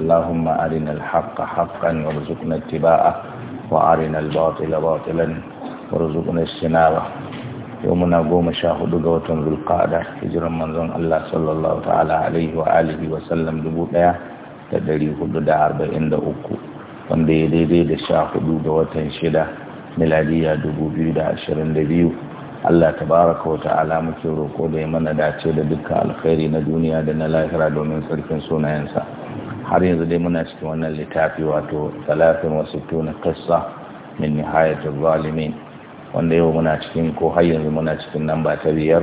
اللهم أرنا الحق حقا وارزقنا اتباعه وأرنا الباطل باطلا وارزقنا اجتنابه يومنا قوم شاهد قوة ذو القعدة هجرا منزون الله صلى الله تعالى عليه وآله وسلم دبوتا تدري حدود أربعين أكو wanda ya daidai da sha hudu ga watan shida miladiya dubu biyu da ashirin da biyu Allah tabaraka wa ta'ala muke roko da ya mana dace da duka alkhairi na duniya da na lahira domin sarkin sunayensa har yanzu dai muna cikin wannan littafi wato talatin wasu tuna kissa min nihayatul zalimin wanda yau muna cikin ko har yanzu muna cikin namba ta biyar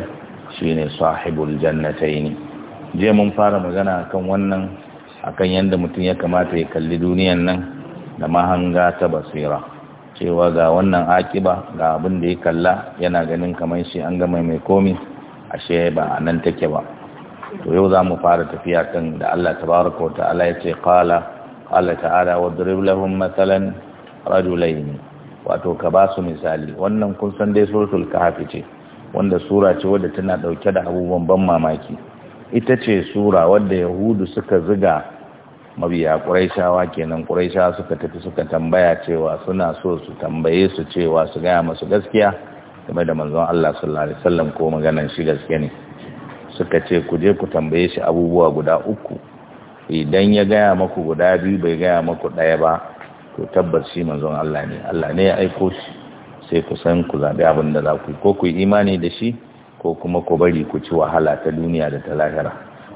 shine sahibul jannatayn je mun fara magana akan wannan akan yanda mutum ya kamata ya kalli duniyan nan da mahanga ta basira cewa ga wannan akiba ga abin da ya kalla yana ganin kamar shi an gama mai komi ashe ba nan take ba to yau za mu fara tafiya kan da Allah tabaraka wa ta'ala ya ce qala Allah ta'ala durib lahum mathalan rajulain wato ka ba su misali wannan kun san dai suratul kahfi ce wanda sura ce wadda tana dauke da abubuwan ban mamaki ita ce sura wadda yahudu suka ziga mabiya quraishawa kenan quraishawa suka tafi suka tambaya cewa suna so su tambaye su cewa su gaya masu gaskiya game da manzon Allah sallallahu alaihi wasallam ko maganar shi gaskiya ne suka ce ku je ku tambaye shi abubuwa guda uku idan ya gaya maku guda biyu bai gaya maku ɗaya ba to tabbas shi manzon Allah ne Allah ne ya aiko shi sai ku san ku zaɓi abin da za ku ko ku imani da shi ko kuma ku bari ku ci wahala ta duniya da ta lahira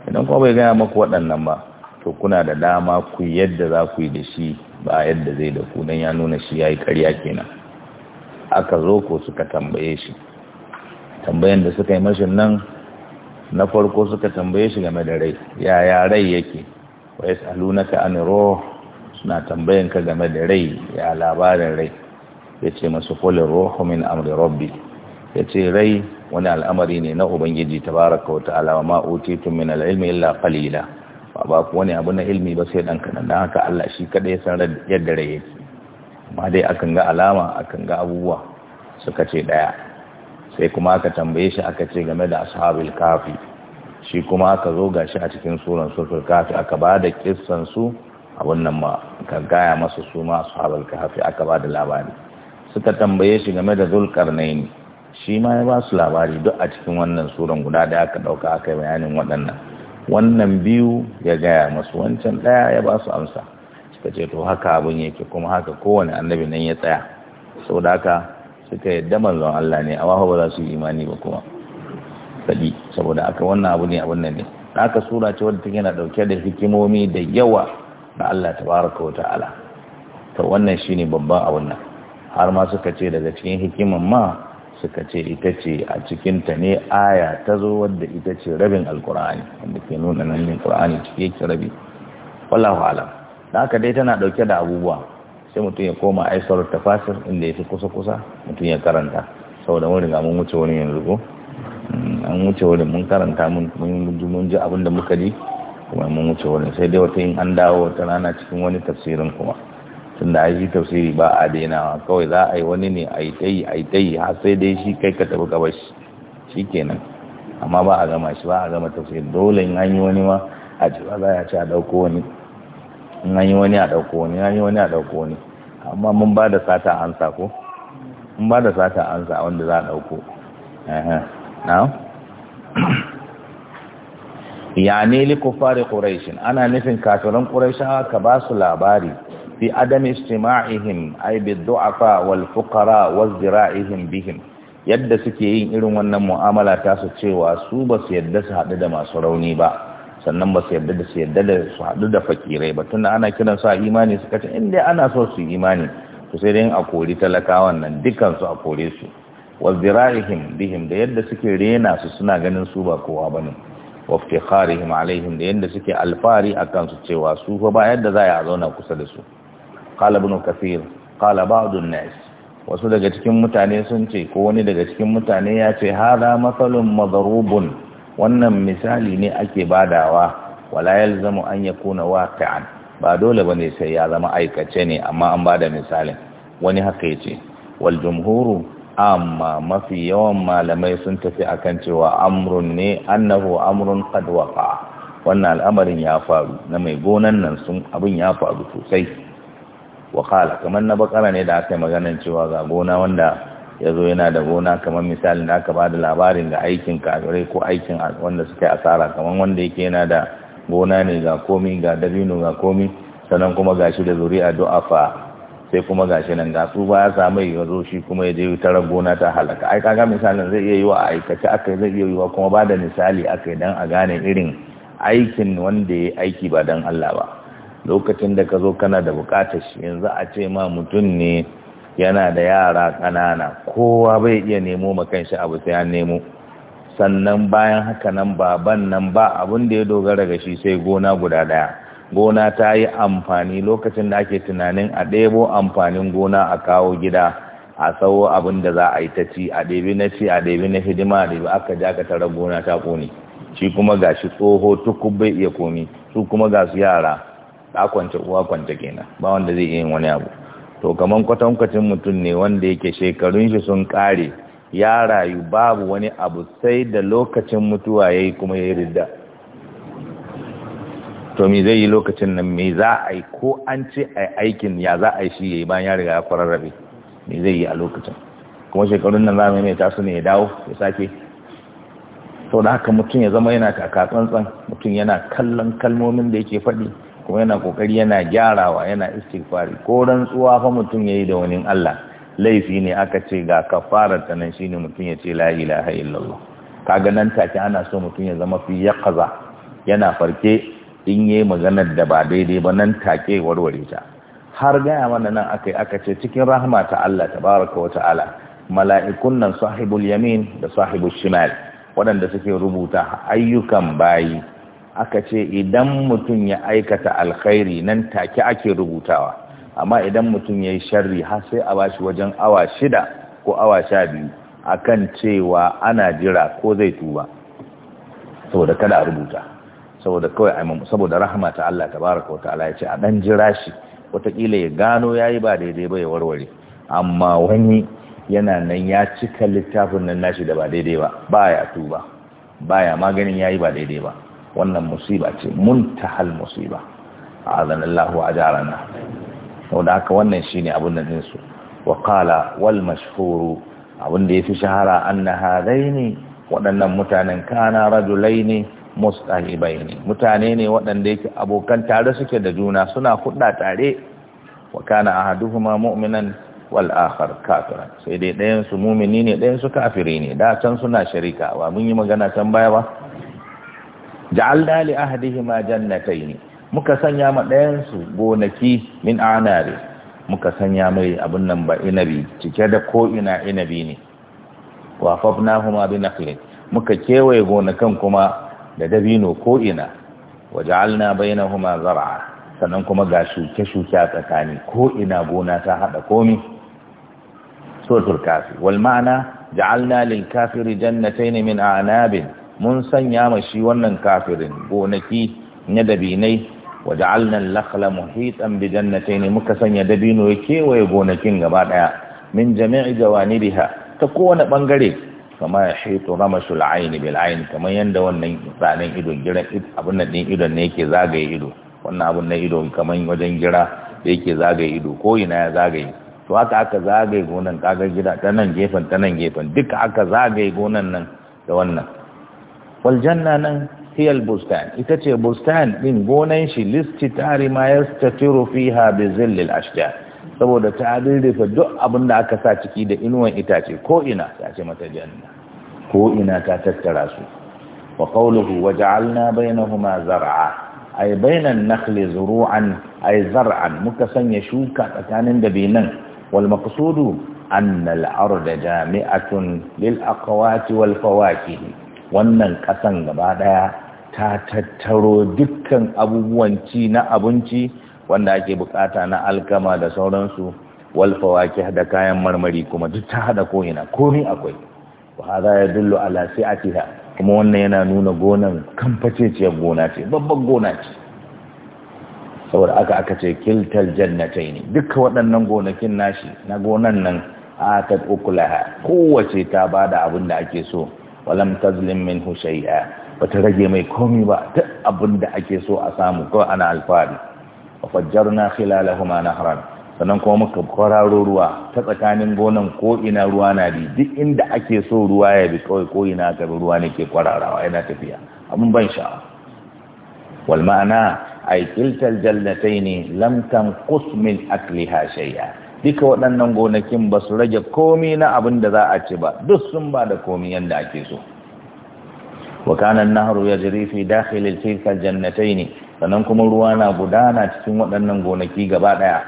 idan kuma bai gaya maku waɗannan ba to kuna da dama ku yadda za ku yi da shi ba yadda zai da ku nan ya nuna shi ya yi ƙarya kenan aka zo ko suka tambaye shi tambayan da suka yi mashin nan na farko suka tambaye shi game da rai yaya rai yake wai salunaka an ruh suna tambayen ka game da rai ya labarin rai yace masu qul ruhu min amri rabbi yace rai wani al'amari ne na ubangiji ta wa ta'ala wa ma utitum min al-ilmi illa qalila ba ba ku wani abu na ilmi ba sai dan kadan dan haka Allah shi kada ya san yadda rai yake Ma dai akan ga alama akan ga abubuwa suka ce ɗaya. sai kuma aka tambaye shi aka ce game da ashabul kafi shi kuma aka zo gashi a cikin suran sulfur kafi aka ba da kissan su a wannan ma ka gaya masa su ma ashabul kafi aka ba da labari suka tambaye shi game da zulqarnain shi ma ya ba su labari duk a cikin wannan suran guda da aka dauka aka bayanin waɗannan wannan biyu ya gaya masu wancan daya ya ba su amsa suka ce to haka abun yake kuma haka kowane annabi nan ya tsaya saboda haka suka yadda manzon Allah ne amma ba za su yi imani ba kuma sadi saboda aka wannan abu ne abun nan ne aka sura ce wadda take na dauke da hikimomi da yawa na Allah tabaraka wa ta'ala to wannan shine babban abun nan har ma suka ce daga cikin hikiman ma suka ce ita ce a cikinta ne aya ta zo wadda ita ce rabin alkur'ani wanda ke nuna nan ne alqur'ani cike yake rabi wallahu alam da aka dai tana dauke da abubuwa sai mutum ya koma aisar tafasir inda ya fi kusa-kusa mutum ya karanta saboda wani mm, wurin mun wuce wani yanzu ko an wuce wani mun karanta mun ji abin da muka ji kuma mun wuce wani sai dai wata yin an dawo wata rana cikin wani tafsirin kuma tun da aiki tafsiri ba a dainawa kawai za a yi wani ne a yi tayi a yi tayi har sai dai shi kai ka tafi gaba shi kenan amma ba a gama shi ba a gama tafsiri dole in an yi wani ma a ci ba za a ci a ɗauko wani in an yi wani a ɗauko wani in an yi wani a ɗauko wani amma mun ba da sata sa ko mun ba da sata ansa wanda za a ɗauko ya ne kufari ƙuraishin ana nufin kafiran ƙuraishawa ka ba su labari fi adam istima'ihim ay bi du'afa wal fuqara wa zira'ihim bihim yadda suke yin irin wannan mu'amala ta su cewa su ba su yadda su haɗu da masu rauni ba sannan ba su yarda da su yarda da su haɗu da fakirai ba tunda ana kiran su a imani suka in inda ana so su imani to sai dai a kori talakawan nan dukansu a kore su wa zira'ihim bihim da yadda suke rena su suna ganin su ba kowa bane wa iftikharihim alaihim da yadda suke alfari a kansu cewa su fa ba yadda za a zauna kusa da su qala ibn kathir qala an nas wasu daga cikin mutane sun ce ko wani daga cikin mutane ya ce hada masalun madrubun wannan misali ne ake badawa wala yalzamu an yakuna waqi'an ba dole bane sai ya zama aikace ne amma an bada misalin wani haka yace wal jumhuru amma mafi yawan malamai sun tafi akan cewa amrun ne annahu amrun qad waqa wannan al'amarin ya faru na mai gonan nan sun abin ya faru sosai wa kala kamar na bakara ne da aka yi maganar cewa ga gona wanda ya zo yana da gona kamar misali da aka ba da labarin ga aikin kafirai ko aikin wanda suka yi asara kamar wanda yake yana da gona ne ga komi ga dabino ga komi sannan kuma gashi da zuri'a du'a fa sai kuma gashi nan ga su ba ya samu ya zo shi kuma ya je tarar gona ta halaka ai kaga misalin zai iya yi wa aikace aka zai iya yi wa kuma ba da misali aka dan a gane irin aikin wanda ya aiki ba dan Allah ba lokacin da ka zo kana da bukatar shi yanzu a ce ma mutum ne yana da yara ƙanana kowa bai iya nemo ma makanshi abu sai an nemo sannan bayan haka nan baban nan ba abin da ya dogara ga shi sai gona guda ɗaya gona ta yi amfani lokacin da ake tunanin a ɗebo amfanin gona a kawo gida a tsawo abin da za a yi ta ci a ɗebi na ci a ɗebi na hidima a ɗebi aka ja ka tara gona ta ƙone shi kuma ga shi tsoho tukun bai iya komi su kuma ga su yara ɗakwance uwa kwance kenan ba wanda zai iya yin wani abu to kaman kwatankwacin mutum ne wanda yake shekarun shi sun kare ya rayu babu wani abu sai da lokacin mutuwa ya yi kuma ya yi ridda to me zai yi lokacin nan me za a yi ko an ce a yi aikin ya za a yi shi yi bayan ya riga ya rabe me zai yi a lokacin kuma shekarun nan zamu mai tasu ne ya dawo ya sake to da haka mutum ya zama yana kakatsantsan mutum yana kallon kalmomin da yake faɗi kuma yana kokari yana gyarawa yana istighfari ko rantsuwa fa mutum yayi da wani Allah laifi ne aka ce ga kafara ta nan shine mutum ya ce la ilaha illallah kaga nan take ana so mutum ya zama fi yaqaza yana farke in yayi maganar da ba daidai ba nan take warware ta har gaya mana nan akai aka ce cikin rahama ta Allah tabaraka wa ta'ala mala'ikun nan sahibul yamin da sahibul shimal waɗanda suke rubuta ayyukan bayi aka ce idan mutum ya aikata alkhairi nan take ake rubutawa amma idan mutum ya yi sharri har sai a bashi wajen awa shida ko awa sha biyu akan cewa ana jira ko zai tuba saboda kada a rubuta saboda kawai saboda rahama ta Allah ta baraka wa ta'ala ya ce a ɗan jira shi wataƙila ya gano ya yi ba daidai ba ya warware amma wani yana nan ya cika littafin nan nashi da ba daidai ba ba ya tuba ba ya maganin ya yi ba daidai ba wannan musiba ce muntahal musiba azan Allah wa ajarana da haka wannan shine abin da dinsu wa qala wal mashhur abin da yafi shahara anna hadaini waɗannan mutanen kana rajulaini mustahibaini mutane ne waɗanda yake abokan tare suke da juna suna hudda tare wa kana ahaduhuma mu'minan wal akhar kafiran sai dai ɗayansu su mumini ne ɗayansu su kafiri ne da can suna sharika ba mun yi magana can baya ba ja'alna li jannatai ne muka sanya ma ɗayansu su gonaki min anari muka sanya mai abin nan ba inabi cike da ko ina inabi ne wa fafnahuma bi naqlin muka kewaye gonakan kuma da dabino ko ina wa ja'alna bainahuma zar'a sannan kuma ga shuke shuke a tsakani ko ina gona ta hada komi suratul kafir wal ma'ana ja'alna lil kafiri jannatayn min a'nabin mun sanya ma shi wannan kafirin gonaki na dabinai wa ja'alna al-lakhla muhitan bi jannatayn muka sanya dabino ya kewaye gonakin gaba daya min jami'i jawanibiha ta kowane bangare kama ya shaitu ramashul aini bil aini kamar yanda wannan tsanin ido giran abin nan din idon ne yake zagaye ido wannan abin nan ido kamar wajen gira da yake zagaye ido ko ina ya zagaye to haka aka zagaye gonan kaga gida ta nan gefen ta nan gefen duka aka zagaye gonan nan da wannan wal nan hiyal bustan ita ce bustan din gonan shi tari ma yastatiru fiha bi zillil ashjar saboda ta rirrife duk abin da aka sa ciki da inuwan itace ko ina ta ce mata janna ko ina ta tattara su wa qawluhu waja'alna bainahuma zar'a ay bainan nakhli zuru'an ay zar'an muka sanya shuka tsakanin dabinan wal maqsudu anna al arda jami'atun lil aqwati wal fawakih wannan ƙasan gaba ɗaya ta tattaro dukkan abubuwan ci na abinci wanda ake bukata na alkama da sauransu walfawaki da kayan marmari kuma duk ta hada ko'ina komi akwai wa ya dullo ala sai'atiha kuma wannan yana nuna gonan kamfaceciyar gona ce babban gona ce saboda aka aka ce kiltal jannatai ne duka waɗannan gonakin nashi na gonan nan a ta ukulaha kowace ta bada abin da ake so walam tazlim Min shay'a bata rage mai komi ba duk abin da ake so a samu ko ana alfari wa fajjarna khilalahuma nahran sannan kuma muka kwararo ruwa ta tsakanin gonan ko ina ruwa na bi duk inda ake so ruwa ya bi kawai ko ina ka ruwa ne ke kwararawa yana tafiya abin ban sha'awa wal ma'ana ay kiltal jannatayn lam tanqus min akliha shay'a duka waɗannan gonakin ba su rage komi na abin da za a ci ba duk sun ba da komi yadda ake so wakanan naharu ya jiri fi tilkar jannatai ne, sannan kuma ruwa na gudana cikin waɗannan gonaki gaba ɗaya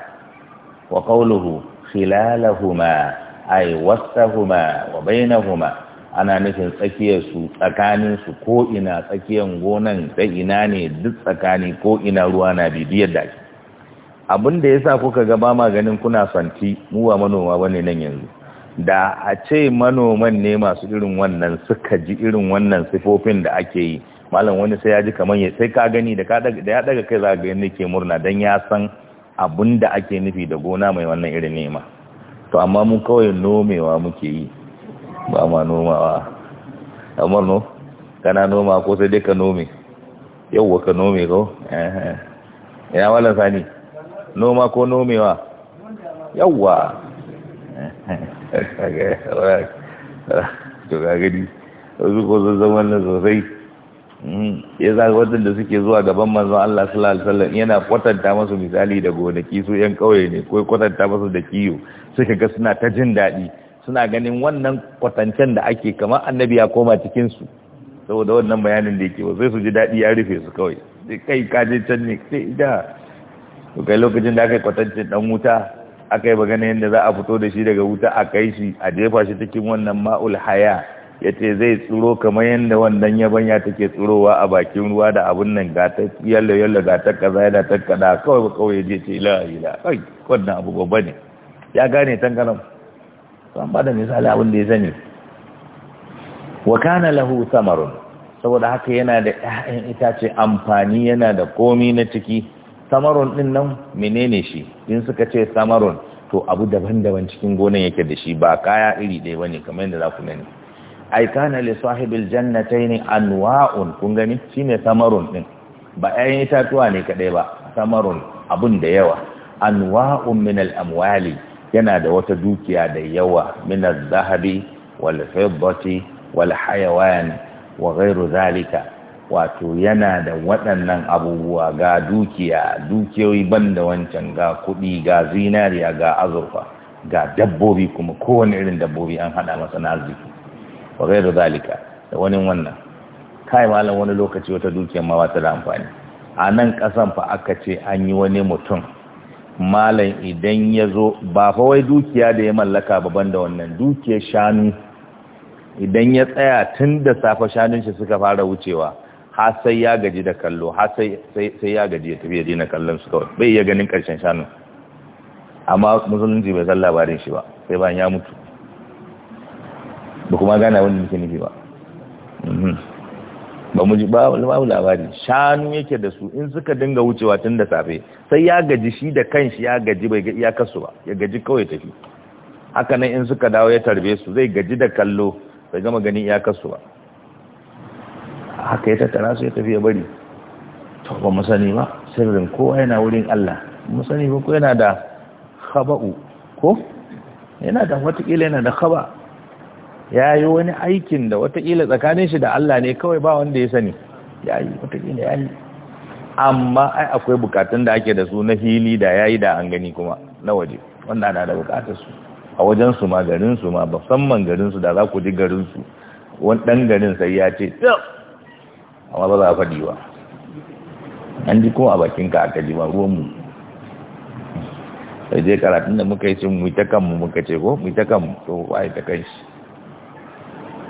wa qawluhu khilalahuma ay wasahuma wa bainahuma ana nufin tsakiyar su tsakanin su ko ina tsakiyar gonan da ina ne duk tsakani ko ina ruwa na bibiyar da ake abin da yasa kuka ga ba ma ganin kuna santi mu wa manoma bane nan yanzu da a ce manoman ne masu irin wannan suka ji irin wannan sifofin da ake yi malam wani sai ya ji kamar ya sai ka gani da ya daga kai za ga yanda ke murna don ya san abin da ake nufi da gona mai wannan irin nema to amma mu kawai nomewa muke yi ba ma nomawa amma no kana noma ko sai dai ka nome yauwa ka nome ko ya wala sani noma ko nomewa yawwa wasu ko zama sosai mm. ya za waɗanda suke zuwa gaban manzon Allah sallallahu alaihi yana kwatanta masu misali da gonaki su yan kauye ne ko kwatanta masu da kiyo suka ga suna ta jin daɗi suna ganin wannan kwatancen da ake kamar annabi ya koma cikin su saboda wannan bayanin da yake sai su ji daɗi ya rufe su kawai kai kaje can ne sai da to kai lokacin da aka yi kwatancin dan wuta aka yi magana yadda za a fito da shi daga wuta a kai shi a jefa shi cikin wannan ma'ul haya ya ce zai tsuro kamar yadda wannan yabanya take tsurowa a bakin ruwa da abin nan ga ta yallo yallo ga ta kaza yana ta kada kawai ba kawai je ce ila ila kai wannan abu babba ne ya gane tangaram an ba da misali abin da ya sani wa kana lahu samarun saboda haka yana da ita ce amfani yana da komi na ciki Samaron din nan menene shi in suka ce samaron! to abu daban-daban cikin gonan yake da shi ba kaya iri ɗaya bane kamar yadda za ku gani ai kana li sahibil jannatayn anwa'un kun gani shine samaron din ba ƴaƴan itatuwa ne kadai ba Samaron abun da yawa anwa'un min al-amwali yana da wata dukiya da yawa min az-zahabi wal fiddati wal hayawan wa ghayru zalika wato yana da waɗannan abubuwa ga dukiya dukiyoyi ban da wancan ga kuɗi ga zinariya ga azurfa ga dabbobi kuma kowane irin dabbobi an haɗa masa na arziki wa da zalika da wani wannan kai malam wani lokaci wata dukiyar ma ta da amfani a nan ƙasan fa aka ce an yi wani mutum malam idan ya zo ba fa wai dukiya da ya mallaka ba ban da wannan dukiyar shanu idan ya tsaya tun da safe shanun shi suka fara wucewa har sai ya gaji da kallo har sai sai ya gaji ya tafi ya dina kallon su kawai bai iya ganin karshen shanu amma musulunci bai san labarin shi ba sai ba ya mutu ba kuma gana wani nake nufi mhm. ba ba mu ji ba babu labari shanu yake da su in suka dinga wucewa tun da safe sai ya gaji shi da kanshi ya gaji bai ga kasu ba ya gaji kawai tafi haka nan in suka dawo ya tarbe su zai gaji da kallo bai gama ganin kasu ba haka ya tattara su ya tafi ya bari to ba mu sani ba sirrin kowa yana wurin Allah mu sani ba ko yana da khaba'u ko yana da watakila yana da khaba ya yi wani aikin da watakila tsakanin shi da Allah ne kawai ba wanda ya sani ya yi watakila ya yi amma ai akwai bukatun da ake da su na hili da ya yi da an gani kuma na waje wanda ana da bukatar su a wajen su ma garin su ma musamman garin su da za ku ji garin su wani dan garin sai ya ce amma ba za a faɗi ba an ji kuma a bakin ka aka ji ba mu. sai je karatun da muka yi cin mu ta kanmu muka ce ko mu ta kanmu to waye ta kai shi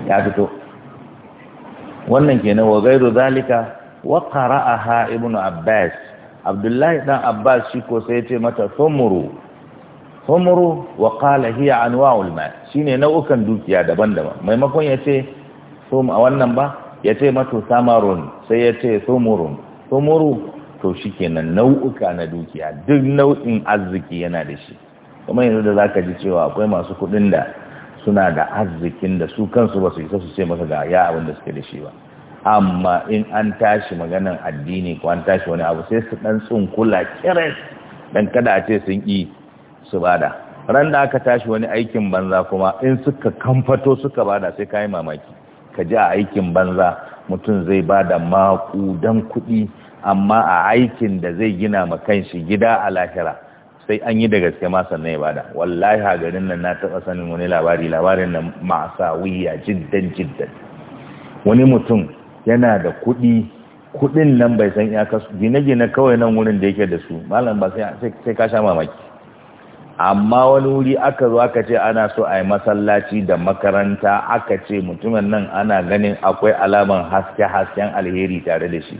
ya fito wannan kenan wa gairu zalika wa qara'aha ibnu abbas abdullahi dan abbas shi ko sai ce mata thumru thumru wa qala hiya anwa'ul ma shine nau'ukan dukiya daban-daban maimakon yace thum a wannan ba ya ce mato samarun sai ya ce sumurun sumuru to shi kenan nau'uka na dukiya duk nau'in arziki yana da shi kuma yanzu da za ka ji cewa akwai masu kuɗin da suna da arzikin da su kansu ba su isa su ce masa ga ya abin da suke da shi ba amma in an tashi maganan addini ko an tashi wani abu sai su dan tsunkula kiris dan kada a ce sun yi su bada ran da aka tashi wani aikin banza kuma in suka kamfato suka bada sai kayi mamaki ka ji a aikin banza mutum zai ba da makudan kuɗi amma a aikin da zai gina ma shi gida a lahira sai an yi da gaske ma sannan ya bada wallahi a garin nan na taɓa sanin wani labari labarin masa wuya jiddan jiddan wani mutum yana da kuɗi kuɗin nan bai san ya kasu gine-gine kawai nan wurin da yake da su malam ba sai ka sha mamaki amma wani wuri aka zo aka ce ana so a yi masallaci da makaranta aka ce mutumin nan ana ganin akwai alaman haske-hasken alheri tare da shi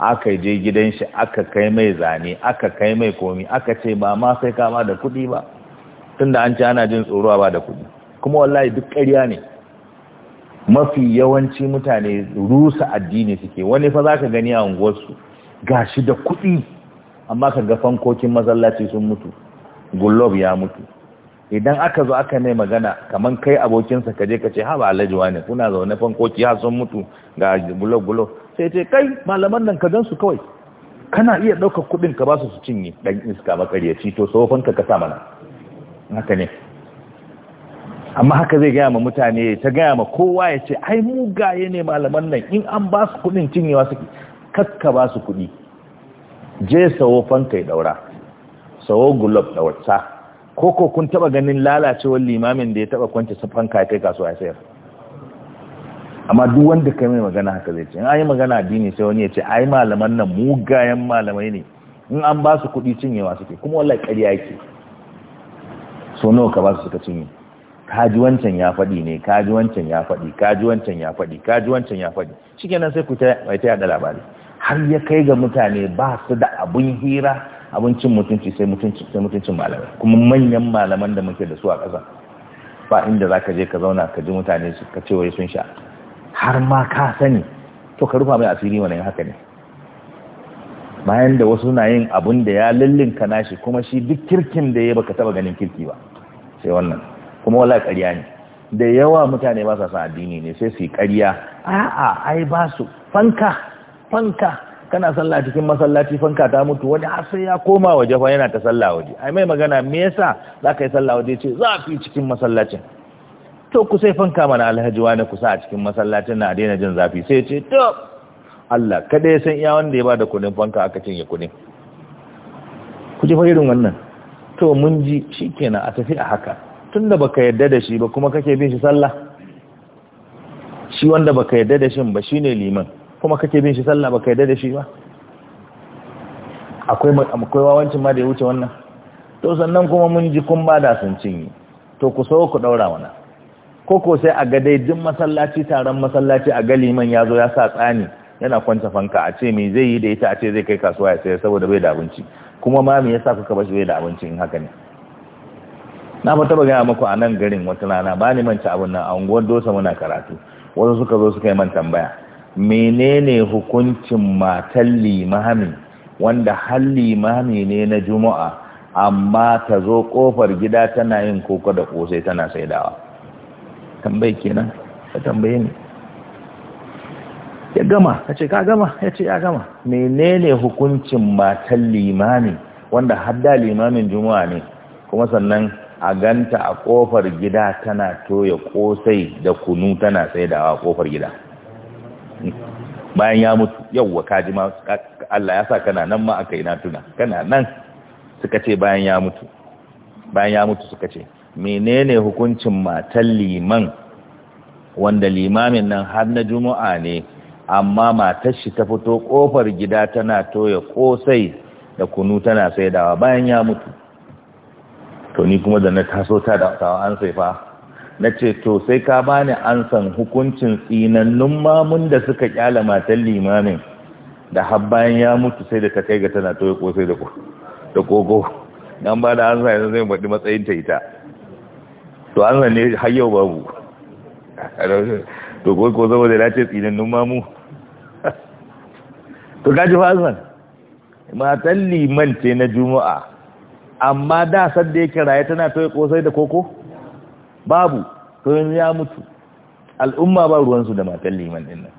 aka je gidan shi aka kai mai zane aka kai mai komi aka ce ba ma sai kama da kuɗi ba tunda an ce ana jin tsoro ba da kuɗi kuma wallahi duk ƙarya ne mafi yawanci mutane rusa addini suke wani fa za ka gani a unguwarsu gashi da kudi amma ka ga fankokin masallaci sun mutu gullob ya mutu idan aka zo aka nai magana kaman kai abokinsa ka je kace ha ba alhaji ne kuna zaune fankoki ha sun mutu ga gullob gullob sai ce kai malaman nan ka gansu kawai kana iya ɗaukar kuɗin ka ba su cinye ɗan iska makaryaci to tsofan ka ka sa mana haka ne amma haka zai gaya ma mutane ta gaya ma kowa ya ce ai mugaye ne malaman nan in an ba su kuɗin cinyewa suke kakka ba su kuɗi je sawo fanka ya ɗaura sawo gulob da wata ko ko kun taba ganin lalacewar limamin da ya taba kwance safan kai kai kasuwa ya sayar amma duk wanda kai mai magana haka zai ce in ayi magana addini sai wani ya ce ai malaman nan mugayen malamai ne in an ba su kuɗi cinyewa suke kuma wallahi ƙarya yake so nawa ka ba su suka cinye kaji wancan ya faɗi ne kaji wancan ya faɗi kaji wancan ya faɗi kaji wancan ya faɗi shikenan sai ku ta mai ta yada labari har ya kai ga mutane ba su da abun hira abincin mutunci sai mutunci sai mutuncin malamai kuma manyan malaman da muke da su a ƙasa ba inda za ka je ka zauna ka ji mutane su ka ce wai sun sha har ma ka sani to ka rufa mai asiri wani haka ne bayan da wasu na yin abun da ya lullunka nashi kuma shi duk kirkin da ya baka taba ganin kirki ba sai wannan kuma wala ƙarya ne da yawa mutane ba sa son addini ne sai su yi ƙarya a'a ai ba su fanka fanka kana sallah cikin masallaci fanka ta mutu wani har sai ya koma waje fa yana ta sallah waje ai mai magana me yasa zaka yi sallah waje ce zafi cikin masallacin to ku sai fanka mana alhaji wani kusa a cikin masallacin na daina jin zafi sai ce to Allah kada ya san iya wanda ya bada kudin fanka aka cinye kudin ku ji fa irin wannan to mun ji shikenan a tafi a haka tunda baka yarda da shi ba kuma kake bin shi sallah shi wanda baka yarda da shi ba shine liman kuma kake bin shi sallah baka yadda da shi ba akwai akwai wawancin ma da ya wuce wannan to sannan kuma mun ji kun ba da sun cinye to ku so ku daura wana ko ko sai a ga dai duk masallaci taron masallaci a ga liman ya zo ya sa tsani yana kwanta fanka a ce me zai yi da ita a ce zai kai kasuwa ya sayar saboda bai da abinci kuma ma me yasa kuka bashi bai da abinci in haka ne na fa taba gaya maku a nan garin wata rana ba ni manta abin nan a unguwar dosa muna karatu wasu suka zo suka yi man tambaya menene hukuncin matan limami wanda har limami ne na juma'a amma ta zo kofar gida tana yin koko da kosai tana saidawa tambayi kenan ta tambaye ni ya gama ya ce ka gama ya ce ya gama menene hukuncin matan limami wanda hadda limamin juma'a ne kuma sannan a ganta a kofar gida tana toya kosai da kunu tana saidawa kofar gida bayan ya mutu wa kaji ma Allah ya sa kana nan ma aka ina tuna kana nan suka ce bayan ya mutu bayan ya mutu suka ce menene hukuncin matan liman wanda limamin nan har na juma'a ne amma matar shi ta fito kofar gida tana toya kosai da kunu tana saidawa bayan ya mutu to ni kuma da na taso ta da an sai fa na ce to sai ka bani ansan hukuncin tsinannun mamun da suka kyala matan limamin da har bayan ya mutu sai da ta kai ga tana ya kosai da kogo dan ba da ansa yanzu zai baɗi matsayin ta ita to ansa ne har yau babu to ko ko zama da ce tsinannun mamu to kaji fa matan liman ce na juma'a amma da sadda yake raye tana ya kosai da koko babu to ya mutu al'umma ba ruwansu da matan liman din nan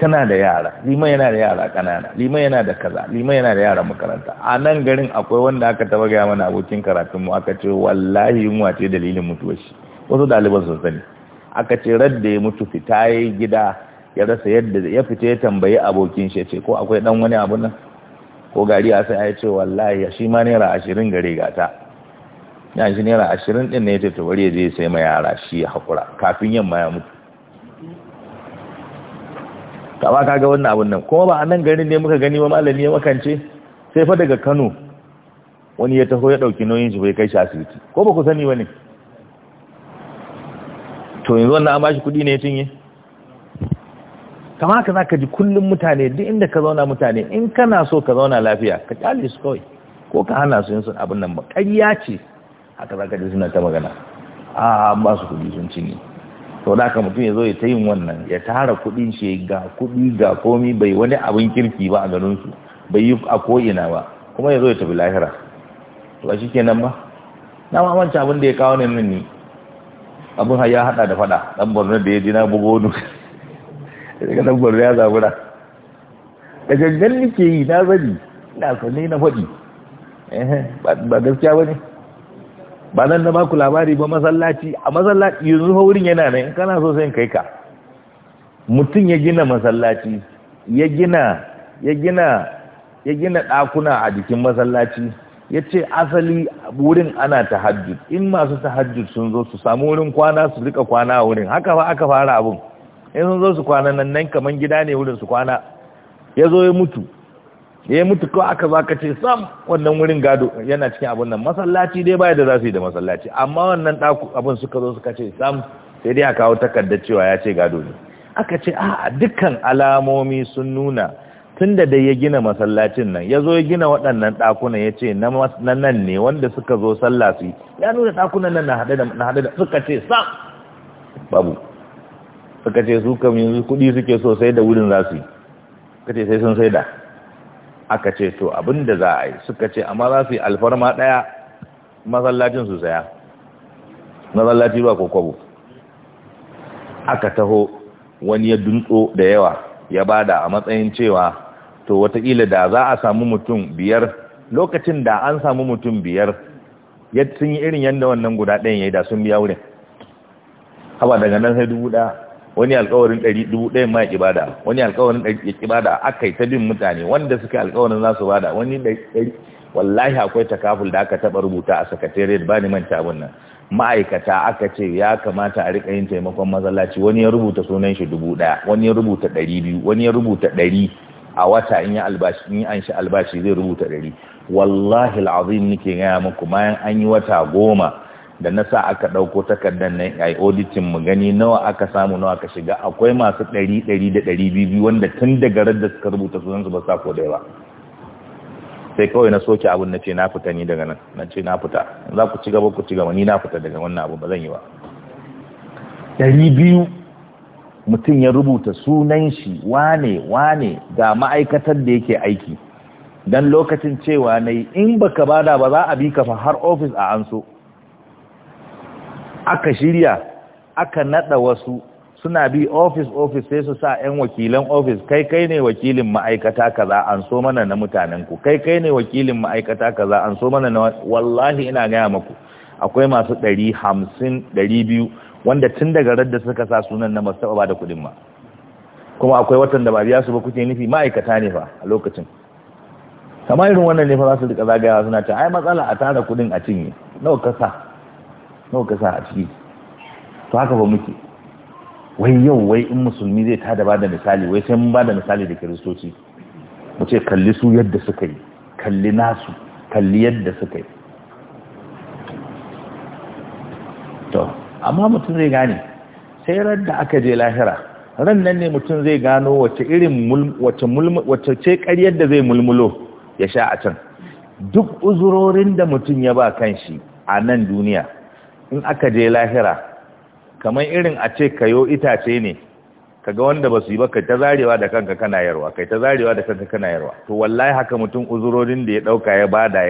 tana da yara liman yana da yara kanana liman yana da kaza liman yana da yara makaranta a nan garin akwai wanda aka taba gaya mana abokin karatun mu aka ce wallahi yunwa ce dalilin mutuwar shi wasu ɗaliban sun sani aka ce radda ya mutu fita ya gida ya rasa yadda ya fita ya tambayi abokin shi ya ce ko akwai dan wani abu nan ko gari a sai ya ce wallahi shi ma naira ashirin gare gata ya ji naira ashirin ɗin ne ya tafi wari ya je sai ma yara shi ya haƙura kafin yamma ya mutu ba kaga wannan abun nan kuma ba a nan garin ne muka gani ba malami ya makance sai fa daga kano wani ya taho ya ɗauki nauyin shi bai kai shi asibiti ko ba ku sani ba ne to yanzu wannan an bashi kuɗi ne ya cinye kama ka za ka ji kullum mutane duk inda ka zauna mutane in kana so ka zauna lafiya ka kyale su kawai ko ka hana su yin sun abin nan ba ƙarya ce haka za ka ji suna ta magana a ba su kuɗi sun cinye to da aka mutum ya zo ya ta yin wannan ya tara kuɗin shi ga kuɗi ga komi bai wani abin kirki ba a ganin su bai yi a ko'ina ba kuma ya zo ya tafi lahira to a shi kenan ba na mamanci abin da ya kawo ne nan ni abin ya hada da fada dan borno da ya ji na bugo wani daga dan borno ya zabura da gangan nake yi na zani na sanai na faɗi ba gaskiya ba ne ba nan na baku labari ba masallaci a masallaci yanzu fa wurin yana nan kana so sai kai ka mutum ya gina masallaci ya gina ya gina ya gina ɗakuna a jikin masallaci ya ce asali wurin ana tahajjud in masu tahajjud sun zo su samu wurin kwana su rika kwana a wurin haka fa aka fara abun in sun zo su kwana nan nan kaman gida ne wurin su kwana ya zo ya mutu ya mutu ko aka zaka ce sam wannan wurin gado yana cikin abun nan masallaci dai baya da za su yi da masallaci amma wannan ɗaku abin suka zo suka ce sam sai dai a kawo takardar cewa ya ce gado ne aka ce a dukkan alamomi sun nuna tun da dai ya gina masallacin nan ya zo ya gina waɗannan ɗakunan ya ce na nan ne wanda suka zo sallah su ya nuna ɗakunan nan na haɗe da suka ce sam babu suka ce su kam yanzu kuɗi suke so sai da wurin za su yi suka ce sai sun sai da aka ce to abin da za a yi suka ce amma za su yi alfarma ɗaya masallacin su saya masallaci ba ko kwabo aka taho wani ya duntso da yawa ya bada a matsayin cewa to watakila da za a samu mutum biyar lokacin da an samu mutum biyar sun yi irin yadda wannan guda ɗayan ya yi da sun biya wurin haba daga nan sai dubu ɗaya wani alkawarin ɗari dubu ɗaya ma ya bada wani alkawarin ya ki bada aka yi ta bin mutane wanda suka alkawarin za su bada wani ɗari wallahi akwai takaful da aka taɓa rubuta a sakatariyar ba ni manta abin nan ma'aikata aka ce ya kamata a riƙa yin taimakon masallaci wani ya rubuta sunan shi dubu ɗaya wani ya rubuta ɗari biyu wani ya rubuta ɗari a wata in yi albashi in an shi albashi zai rubuta ɗari wallahi al'azim nake gaya muku bayan an yi wata goma da na sa aka ɗauko takardar nan a auditin mu gani nawa aka samu nawa aka shiga akwai masu ɗari ɗari da ɗari biyu wanda tun daga da suka rubuta sunan su ba sa ko ɗaya ba sai kawai na soke abin na ce na fita ni daga nan na ce na fita za ku ci gaba ku ci gaba ni na fita daga wannan abu ba zan yi ba ɗari biyu mutum ya rubuta sunan shi wane wane ga ma'aikatar da yake aiki dan lokacin cewa na yi in baka bada ba za a bi ka fa har ofis a an so aka shirya aka nada wasu suna bi office office sai su sa 'yan wakilan office kai kai ne wakilin ma'aikata kaza an so mana na mutanen ku kai kai ne wakilin ma'aikata kaza an so mana na wallahi ina gaya maku akwai masu 150 200 wanda tun daga radda suka sa sunan na masu ba da kudin ma kuma akwai watan da ba biya su ba kuke nufi ma'aikata ne fa a lokacin kamar irin wannan ne fa za su rika zagaya suna ta ai matsala a tara kudin a cinye nawa ka sa nawa ka sa a ciki to haka ba muke wai yau wai in musulmi zai tada ba da misali wai sai mun ba da misali da kiristoci mu ce kalli su yadda suka yi kalli nasu kalli yadda suka yi to amma mutum zai gane sai ran da aka je lahira ran nan ne mutum zai gano wace irin wace wace ce ƙaryar da zai mulmulo ya sha a can duk uzurorin da mutum ya ba kanshi a nan duniya in aka je lahira kamar irin a ce kayo itace ne kaga wanda ba su yi ba kai ta zarewa da kanka kana yarwa kai ta zarewa da kanka kana yarwa to wallahi haka mutum uzurorin da ya dauka ya bada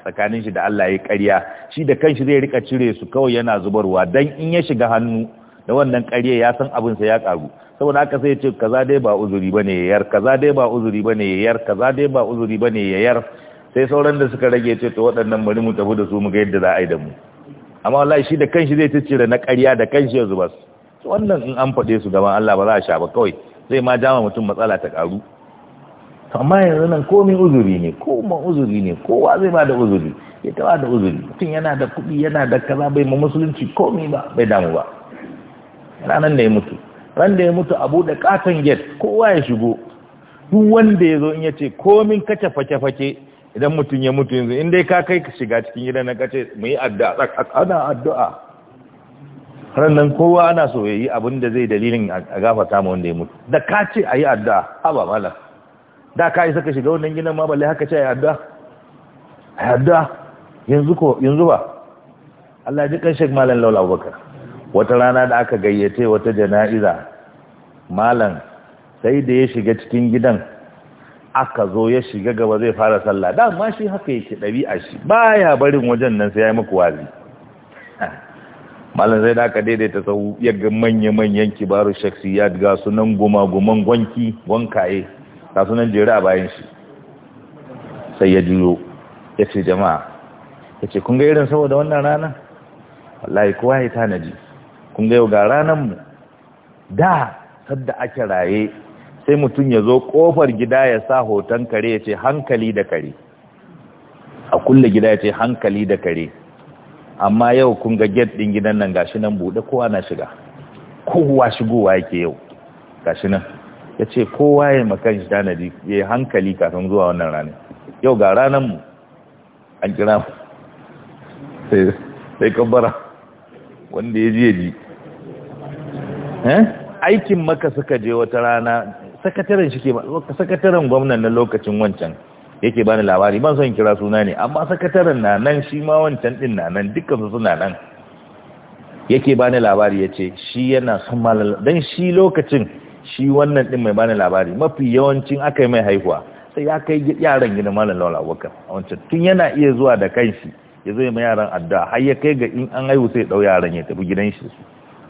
tsakanin shi da Allah ya ƙarya shi da kanshi zai rika cire su kawai yana zubarwa dan in ya shiga hannu da wannan ƙarya ya san abin sa ya karu saboda haka sai ya ce kaza dai ba uzuri bane yar kaza dai ba uzuri bane yar kaza dai ba uzuri bane yar sai sauran da suka rage ce to waɗannan bari mu tafi da su mu ga yadda za a yi da mu amma wallahi shi da kanshi zai da na ƙarya da kanshi ya zuba su wannan in an faɗe su gaban Allah ba za a sha ba kawai zai ma jama mutum matsala ta ƙaru amma yanzu nan komai uzuri ne ma uzuri ne kowa zai ba da uzuri ya taba da uzuri mutum yana da kuɗi yana da kaza bai ma musulunci komai ba bai damu ba ranar da ya mutu ran da ya mutu abu da katon gate kowa ya shigo duk wanda ya zo in ya ce komin kace fake-fake idan mutum ya mutu yanzu in dai ka kai ka shiga cikin gidan na kace mu yi addu'a ana addu'a rannan kowa ana so yayi abin da zai dalilin a gafata ma wanda ya mutu da ka ce ayi addu'a haba malam da ka isa ka shiga wannan gidan ma balle haka ce ayi addu'a ayi addu'a yanzu ko yanzu ba Allah ji kan Sheikh Malam Laula Abubakar wata rana da aka gayyace wata jana'iza malam sai da ya shiga cikin gidan aka zo ya shiga gaba zai fara sallah dama shi haka yake ɗabi'a shi baya barin wajen nan sai ya yi muku wazi malam zai da daidaita sau ga manya-manyan kibaru shaksiyat ga sunan guma-guman gwanki gwankaye ga sunan jere a bayan shi sai ya juyo ya ce jama'a ya ce kun irin saboda wannan rana wallahi kowa ya tanaji kunga yau ga ranar mu da sadda ake raye sai mutum ya zo kofar gida ya sa hoton kare ya ce hankali da kare a kulle gida ya ce hankali da kare amma yau kun ga get din gidan nan gashi nan bude kowa na shiga kowa shigowa yake yau gashi nan ya ce kowa ya makan shi tanadi ya yi hankali kafin zuwa wannan ranar yau ga ranar mu an kira mu sai kabbara wanda ya ji ya ji eh? aikin maka suka je wata rana sakataren shi ke ba sakataren gwamnan na lokacin wancan yake bani labari ban son kira suna ne amma sakataren na nan shi ma wancan din na nan dukkan su suna nan yake bani labari yace shi yana son malala dan shi lokacin shi wannan din mai bani labari mafi yawancin aka yi mai haihuwa sai ya kai yaran gina malam lawal abubakar a wancan tun yana iya zuwa da kanshi ya zo ya mai yaran adda har ya kai ga in an haihu sai ya dau yaran ya tafi gidan shi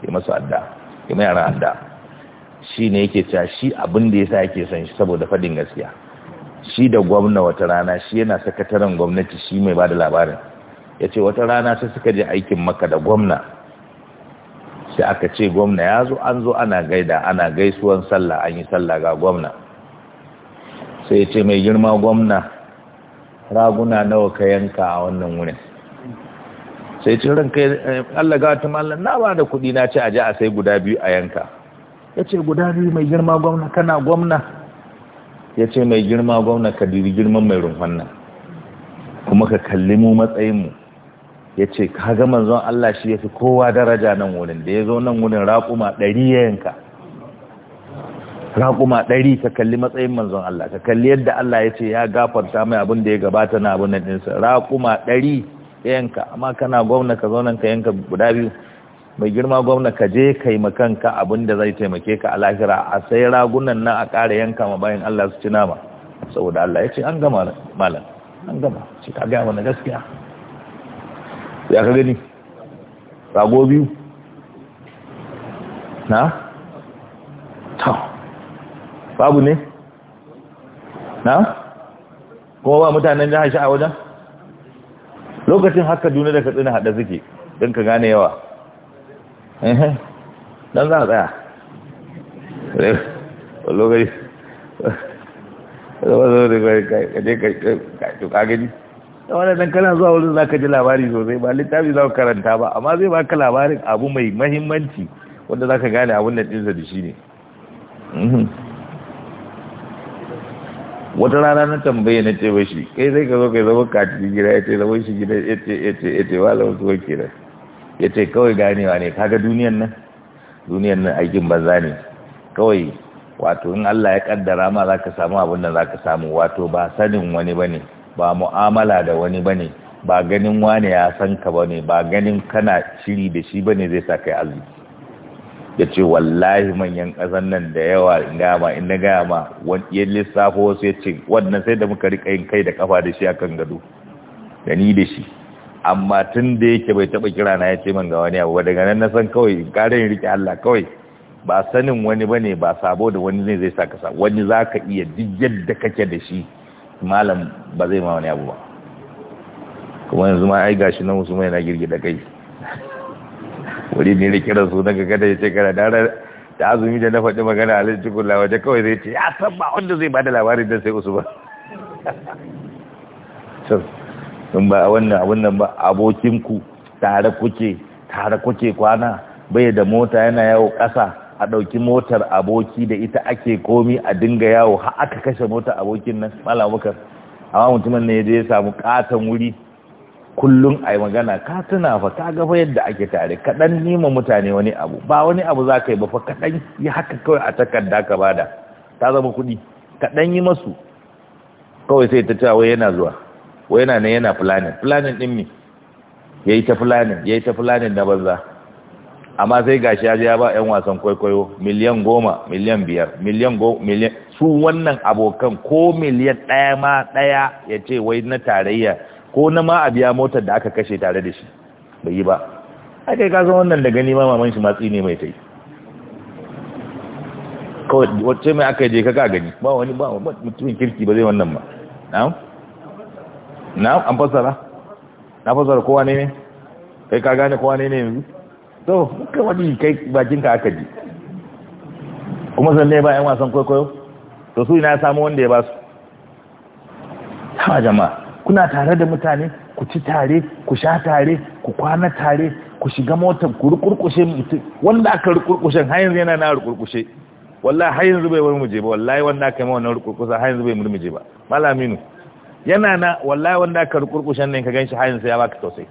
ya masu addu'a ya mai yaran addu'a. shi ne yake cewa shi abin da yasa yake son shi saboda faɗin gaskiya shi da gwamna wata rana shi yana sakataren gwamnati shi mai bada labarin ya ce wata rana sai suka je aikin maka da gwamna sai aka ce gwamna ya zo an zo ana gaida ana gaisuwan sallah an yi sallah ga gwamna sai ya ce mai girma gwamna raguna nawa ka yanka a wannan wurin sai ce ranka eh, Allah ga wata mallan na ba da kuɗi na ce a je a sai guda biyu a yanka ya ce guda biyu mai girma gwamna kana gwamna ya ce mai girma gwamna ka diri girman mai rumfan kuma ka kalli mu matsayinmu ya ce ka ga manzon Allah shi ya fi kowa daraja nan wurin da ya zo nan wurin raƙuma ɗari ya yanka raƙuma ɗari ka kalli matsayin manzon Allah ka kalli yadda Allah ya ce ya gafarta mai abin da ya gabata na abin nan ɗinsa raƙuma ɗari ya yanka amma kana gwamna ka zo nan ka yanka guda biyu mai girma gwamna ka je kai makanka abin da zai taimake ka a lahira a sai ragunan nan a ƙara yanka ma bayan Allah su ci nama saboda Allah ya ce an gama malam an gama ce ka gaya mana gaskiya ya ka gani rago biyu na? ta babu ne? na? kuma ba mutanen jihar sha a wajen? lokacin haka juna da tsina hada suke don ka gane yawa don za a tsaya eh, lokaci zama zama da kaje ka gani da wani dan kana zuwa wurin za ka ji labari sosai ba littafi za ka karanta ba amma zai baka labarin abu mai mahimmanci wanda za ka gane abin da ɗinsa da shi ne wata rana na tambaye na ce bashi kai zai ka zo kai zama kati gida ya ce zama shi gida ya ce ya ce ya ce wala wasu ya ce kawai ganewa ne kaga duniyan nan duniyan nan aikin banza ne kawai wato in Allah ya kaddara ma za ka samu abin da za ka samu wato ba sanin wani ba ne ba mu'amala da wani ba ne ba ganin wane ya san ka ba ne ba ganin kana shiri da shi ba ne zai sa kai arziki ya ce wallahi manyan kasan nan da yawa in ma in na wani ya lissafo sai ce wannan sai da muka riƙa yin kai da kafa da shi akan gado da ni da shi amma tun da yake bai taɓa kira na ya ce min ga wani abu daga nan na san kawai ƙarin rike Allah kawai ba sanin wani bane ba sabo da wani ne zai sa ka sa wani za ka iya duk da kake da shi malam ba zai ma wani abu ba kuma yanzu ma ai gashi na musu mai na girgida kai wuri ne da kiran su daga kada ya ce kana dara da azumi da na faɗi magana a lalci kula waje kawai zai ce ya san ba wanda zai bada labarin da sai usu ba in ba wannan abun nan ba abokinku tare kuke tare kuke kwana bai da mota yana yawo ƙasa a ɗauki motar aboki da ita ake komi a dinga yawo har aka kashe motar abokin nan malam muka amma mutumin ne ya samu katon wuri kullum a yi magana ka tuna fa ka ga fa yadda ake tare kaɗan nima mutane wani abu ba wani abu za ka yi ba fa kaɗan yi haka kawai a takarda ka bada ta zama kuɗi kaɗan yi masu kawai sai ta cewa yana zuwa Wai yana nan yana planning planning din ne yayi ta planning yayi ta planning na banza amma sai gashi ya je ya ba ƴan wasan kwaikwayo miliyan goma miliyan biyar miliyan go miliyan su wannan abokan ko miliyan ɗaya ma ɗaya ya ce wai na tarayya ko na ma a biya motar da aka kashe tare da shi bai yi ba ai kai kasan wannan da gani ma maman shi matsi ne mai tai kawai wacce mai aka je ka ga gani ba wani ba mutumin kirki ba zai wannan ba na'am na an fasara na fasara kowa ne ne kai ka gane kowa ne ne yanzu to kai wani kai bakinka aka ji kuma ne ba yan wasan kwaikwayo to su ina ya samu wanda ya ba su jama'a kuna tare da mutane ku ci tare ku sha tare ku kwana tare ku shiga motar ku rukurkushe mutum wanda aka rukurkushe har yanzu yana na rukurkushe wallahi har yanzu bai wani muje ba wallahi wanda aka yi mawa na rukurkusa har yanzu bai muje ba malaminu yana na wallahi wanda aka rukurkushen ne ka gan shi hayan sai ya baka tausayi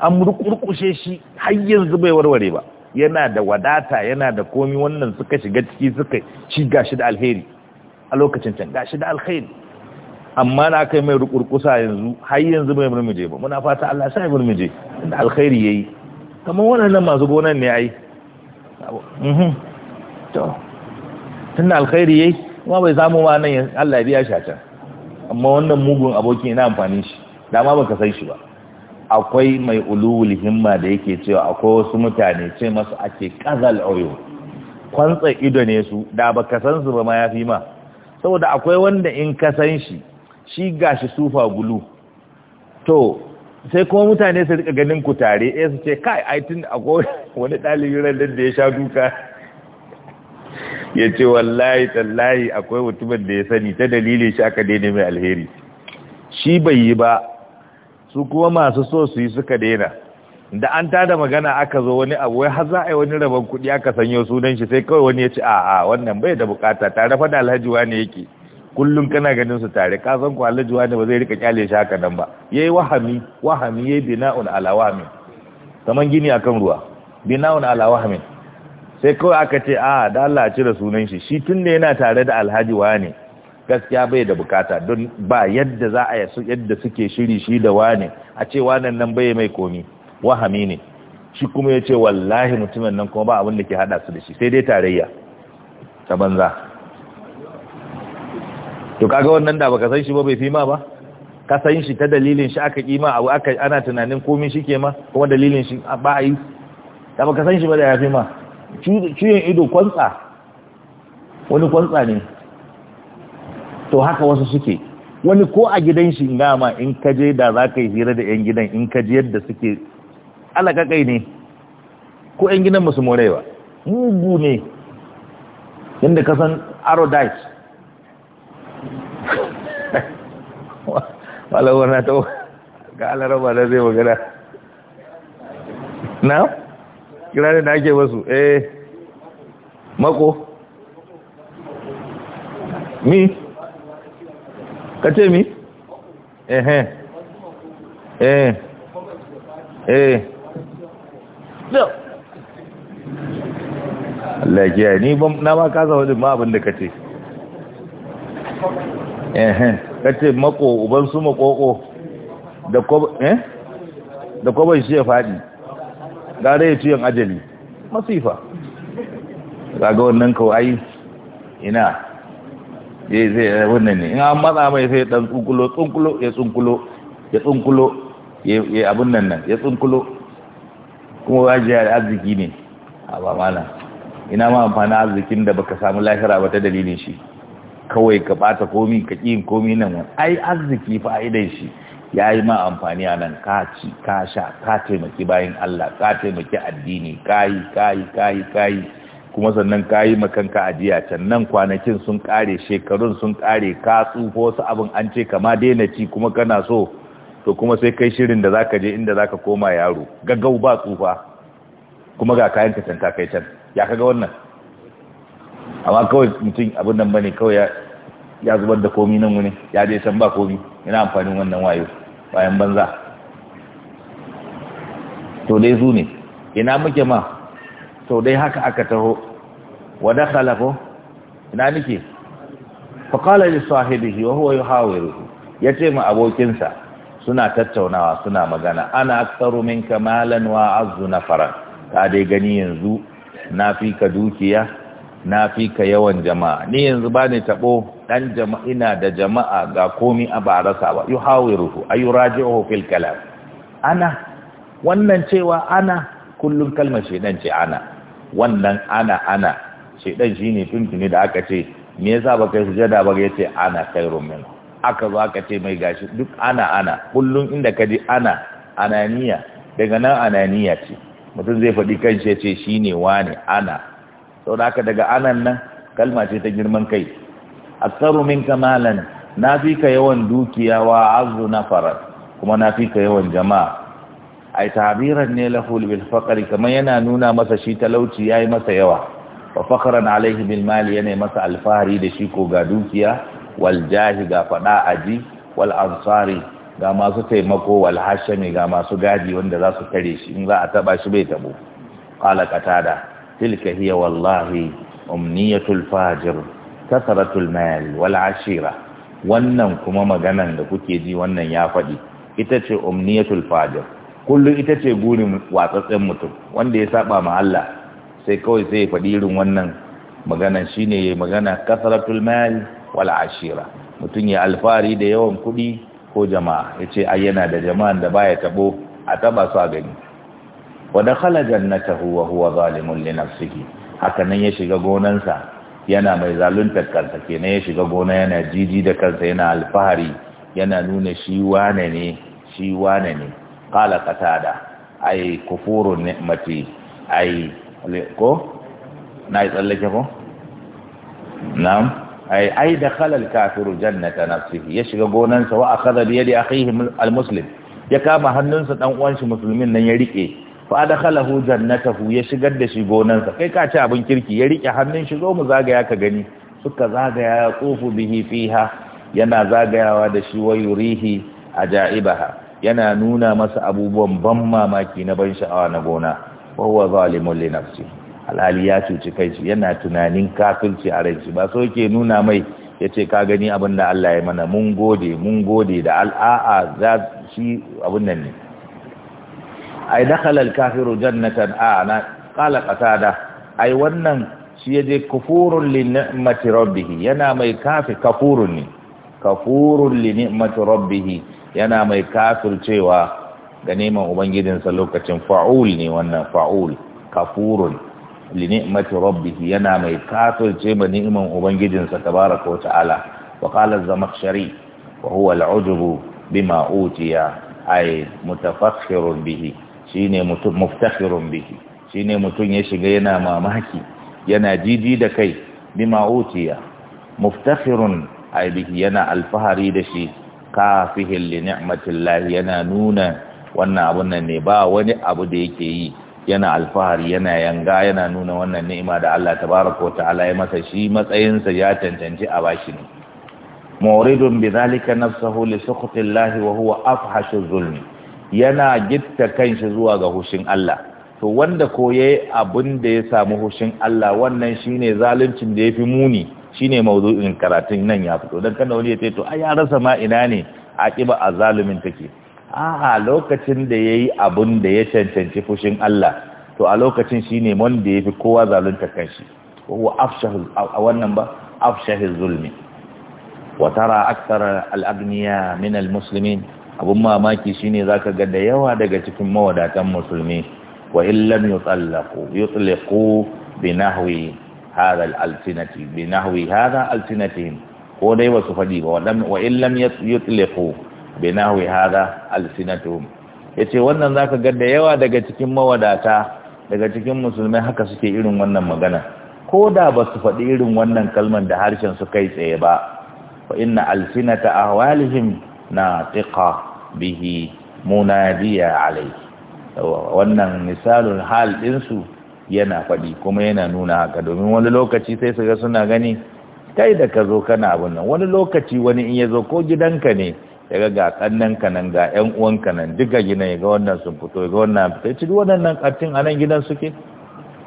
an rukurkushe shi har yanzu bai warware ba yana da wadata yana da komi wannan suka shiga ciki suka ci gashi da alheri a lokacin can gashi da alheri amma na kai mai rukurkusa yanzu har yanzu bai murmuje ba muna fata Allah sai murmuje da alheri yayi kamar wannan masu gonan ne ai mhm to tunda alheri yayi kuma bai samu ma nan Allah ya biya shi a can amma wannan mugun abokin ina amfani shi dama baka san shi ba akwai mai uluwul himma da yake cewa akwai wasu mutane ce masu ake kazal oyo kwantsa ido ne su da baka san su ba ma yafi ma saboda akwai wanda in ka san shi shi gashi sufa bulu to sai kuma mutane su rika ganin ku tare eh su ce kai ai tun akwai wani dalibin ran da ya sha duka ya ce wallahi tallahi akwai mutumin da ya sani ta dalilin shi aka daina mai alheri shi bai yi ba su kuma masu so su yi suka daina da an ta da magana aka zo wani abu wai har za a yi wani rabon kuɗi aka sanyo sunan shi sai kawai wani ya ci a'a wannan bai da bukata tare fa da alhaji wani yake kullum kana ganin su tare ka san ku alhaji wani ba zai rika kyale shi haka nan ba yayi wahami wahami yayi bina'un ala wahami kaman gini akan ruwa bina'un ala wahami. sai kawai aka ce a ah, da Allah ci da sunan shi shi tun da yana tare da alhaji wane gaskiya bai da bukata don ba yadda za a yasu yadda suke shiri shi da wane a ce wannan nan bai mai komi wahami ne shi kuma ya ce wallahi mutumin nan kuma ba abin da ke hada su da shi sai dai tarayya ta banza to kaga wannan da baka san shi ba bai fi ma ba ka san shi ta dalilin shi aka kima abu aka ana tunanin komi shi ke ma kuma dalilin shi ba a yi da baka san shi ba da ya fi ma ciyen ido kwantsa wani kwantsa ne to haka wasu suke wani ko a gidan shi in gama in kaje da za ka yi hira da 'yan gidan in kaje yadda suke alakakai ne ko 'yan gidan musu morewa mugu ne yadda ka san arodite malawar na ta ga alaraba da zai magana na kiranin da ake masu eh mako mi ka ce mi Eh. eh eh Allah ya ni na ka kasa wajen ma abin da ka ce Eh. ka ce mako uban su makoko da Eh. Da kwaban shi ya fadi. gare ya ciyon ajali masifa zaga wannan kawai ina ya eh, zai eh, wannan ne ina an matsa mai sai dan tsunkulo tsunkulo ya tsunkulo ya tsunkulo ya abin nan nan ya tsunkulo kuma jiya da arziki ne a ba mana ina ma amfani arzikin da baka samu lahira ba ta dalilin shi kawai ka bata komi ka ƙi komi nan wani ai arziki fa'idan shi ya yi ma amfani a nan ka ci ka sha ka taimaki bayan Allah ka taimaki addini ka yi ka yi ka yi ka yi kuma sannan ka yi makanka ajiya can nan kwanakin sun kare shekarun sun kare ka tsufo wasu abin an ce kama daina ci kuma kana so to kuma sai kai shirin da zaka je inda zaka koma yaro gaggau ba tsufa kuma ga kayan ka canta kai can ya kaga wannan amma kawai mutum abin nan bane kawai ya zubar da komi nan wani ya je can ba komi yana amfanin wannan wayo bayan banza to dai zu ne ina muke ma to dai haka aka taho wa dakhala ko ina nake fa qala li sahibihi wa huwa ya yace ma abokinsa suna tattaunawa suna magana ana aktsaru min kamalan wa azzu nafara ka dai gani yanzu na fi ka dukiya na fi ka yawan jama'a ni yanzu ba ni tabo dan jama'a ina da jama'a ga komi a ba rasa ba yuhawiruhu ayu raji'uhu fil kalam ana wannan cewa ana kullum kalmar shaidan ce ana wannan ana ana shi shine tuntuni da aka ce me yasa baka yi sujada ba yace ana khairun min aka zo aka ce mai gashi duk ana ana kullum inda ka ji ana ananiya daga nan ananiya ce mutum zai faɗi shi ya ce shine wane ana saboda haka daga anan nan kalma ce ta girman kai aktaru minka malan na fi ka yawan dukiya wa azu nafarat kuma na fi ka yawan jama'a ai tabiran ne lahu bil faqri kamar yana nuna masa shi talauci yayi masa yawa wa fakhran alaihi bil mal yana masa alfahari da shi ko ga dukiya wal jahi ga fada aji wal ansari ga masu taimako wal hashami ga masu gadi wanda za su kare shi in za a taba shi bai tabo qala qatada tilka hiya wallahi umniyatul fajir kasaratul mal wal ashira wannan kuma maganan da kuke ji wannan ya faɗi ita ce umniyatul fajir kullum ita ce burin watsatsen mutum wanda ya saba ma Allah sai kawai sai ya faɗi irin wannan maganan shine ya magana kasaratul mal wal ashira mutum ya alfari da yawan kuɗi ko jama'a yace ce ai yana da jama'an da baya tabo a taba su a gani wa dakhala jannatahu wa huwa zalimun li nafsihi haka nan ya shiga gonansa yana mai zaluntar kansa kenan ya shiga gona yana jiji da kansa yana alfahari yana nuna shi wane ne shi wane ne kala katada! ai kufuru ni'mati ai ko na tsallake ko na'am ai ai da al-kafiru jannata nafsihi ya shiga gonansa wa akhadha bi yadi akhihi al-muslim ya kama hannunsa dan uwan shi musulmin nan ya rike fa adkhalahu jannatahu ya shigar da shi gonansa kai ka ci abin kirki ya rike hannun shi zo mu zagaya ka gani suka zagaya tsofu bihi fiha yana zagayawa da shi wa yurihi ajaibaha yana nuna masa abubuwan ban mamaki na ban sha'awa na gona wa huwa zalimun li nafsi alhali ya cuci kai shi yana tunanin kafirci a rai ba so yake nuna mai yace ka gani abin da Allah ya mana mun gode mun gode da al'a'a za shi abin nan ne ai dakhala al-kafiru jannatan a'na qala qatada ai wannan shi yaje kufurun li ni'mati rabbih yana mai kafi kafurun ne kafurun li ni'mati rabbih yana mai kafir cewa ga neman lokacin fa'ul ne wannan fa'ul kafurun li ni'mati rabbih yana mai kafir ce ma ni'iman ubangijinsa tabaraka wa ta'ala wa qala az-zamakhshari wa huwa al-'ujubu bima utiya ay mutafakhirun bihi shine mutum muftakhirun bihi shine mutum ya shiga yana mamaki yana jiji da kai bima utiya muftakhirun ay yana alfahari da shi kafihin li ni'matillahi yana nuna wannan abun nan ne ba wani abu da yake yi yana alfahari yana yanga yana nuna wannan ni'ima da Allah tabaraka wa ta'ala ya masa shi matsayinsa ya tantance a bashi ne muridun bi zalika nafsuhu li sukhtillahi wa huwa afhashu zulmi yana gitta kanshi zuwa ga hushin Allah to wanda koye abin da ya samu hushin Allah wannan shine zaluncin da yafi muni shine mawdu'in karatun nan ya fito dan kada wani ya ce to ai ya rasa ma ina ne a aqiba azalimin take a lokacin da yayi abin da ya cancanci fushin Allah to a lokacin shine wanda yafi kowa zalunta kanshi wa wannan ba afshahu zulmi wa tara aktsara al-aghniya min al-muslimin abun mamaki shine zaka ga da yawa daga cikin mawadatan musulmi wa illam yutallaqu yutliqu binahwi hadha al-alsinati binahwi hadha alsinatihim ko dai wasu fadi ba wa illam yutliqu binahwi hadha alsinatuhum yace wannan zaka ga da yawa daga cikin mawadata daga cikin musulmai haka suke irin wannan magana ko da ba su faɗi irin wannan kalmar da harshen su kai tsaye ba fa inna alsinata ahwalihim na tiqa bihi munadiya alai wannan misalin hal ɗinsu yana faɗi kuma yana nuna haka domin wani lokaci sai su ga suna gani kai da ka zo kana abin nan wani lokaci wani in ya zo ko gidanka ne ya ga kannan ka nan ga ƴan uwanka nan duka gina ya ga wannan sun fito ga wannan fita ci waɗannan ƙartin a nan gidan suke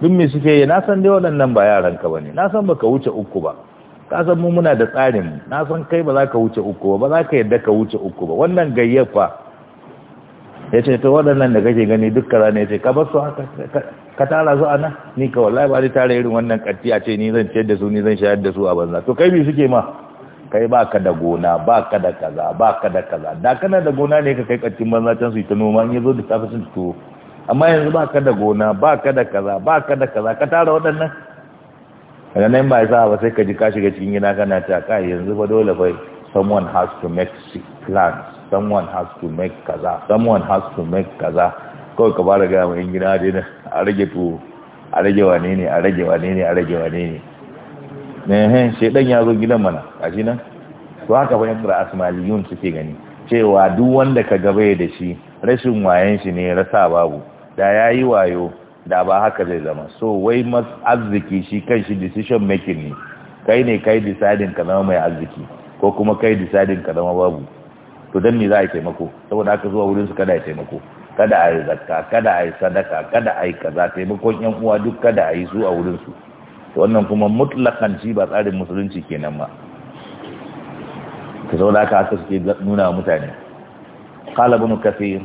duk me suke yi na san dai waɗannan ba yaranka ba ne na san baka wuce uku ba ka san mu muna da tsarin na san kai ba za ka wuce uku ba ba za ka yadda ka wuce uku ba wannan gayyafa ya ce to waɗannan da kake gani dukkan rana ya ce ka basu haka ka tara su a nan ni ka wallahi ba zai tara irin wannan ƙarfi a ce ni zan ciyar da su ni zan shayar da su a banza to kai bi suke ma kai ba ka da gona ba ka da kaza ba ka da kaza da kana da gona ne ka kai ƙarfin banza can su yi ta noma ya zo da tafi sun tuwo amma yanzu ba ka da gona ba ka da kaza ba ka da kaza ka tara waɗannan daga nan ba sa ba sai ka ji ka shiga cikin gina kana ta kai yanzu ba dole bai someone has to make plans someone has to make kaza someone has to make kaza kawai ka da gaya mai gina gida dai a rage tuwo a rage wane ne a rage wane ne a rage wane ne ehem shedan ya zo gidan mana a shi nan to haka bayan da asmaliyun suke gani cewa duk wanda ka gabaye da shi rashin wayen shi ne rasa babu da yayi wayo da ba haka zai zama so wai mas arziki shi kan shi decision making ne kai ne kai deciding ka zama mai arziki ko kuma kai deciding ka zama babu to dan ne za a taimako saboda haka zuwa wurin su kada a taimako kada a yi zakka kada a yi sadaka kada a yi kaza taimakon yan uwa duk kada a yi su a wurin su to wannan kuma mutlakan shi ba tsarin musulunci kenan ba ka saboda haka aka suke nuna mutane qala ibn kathir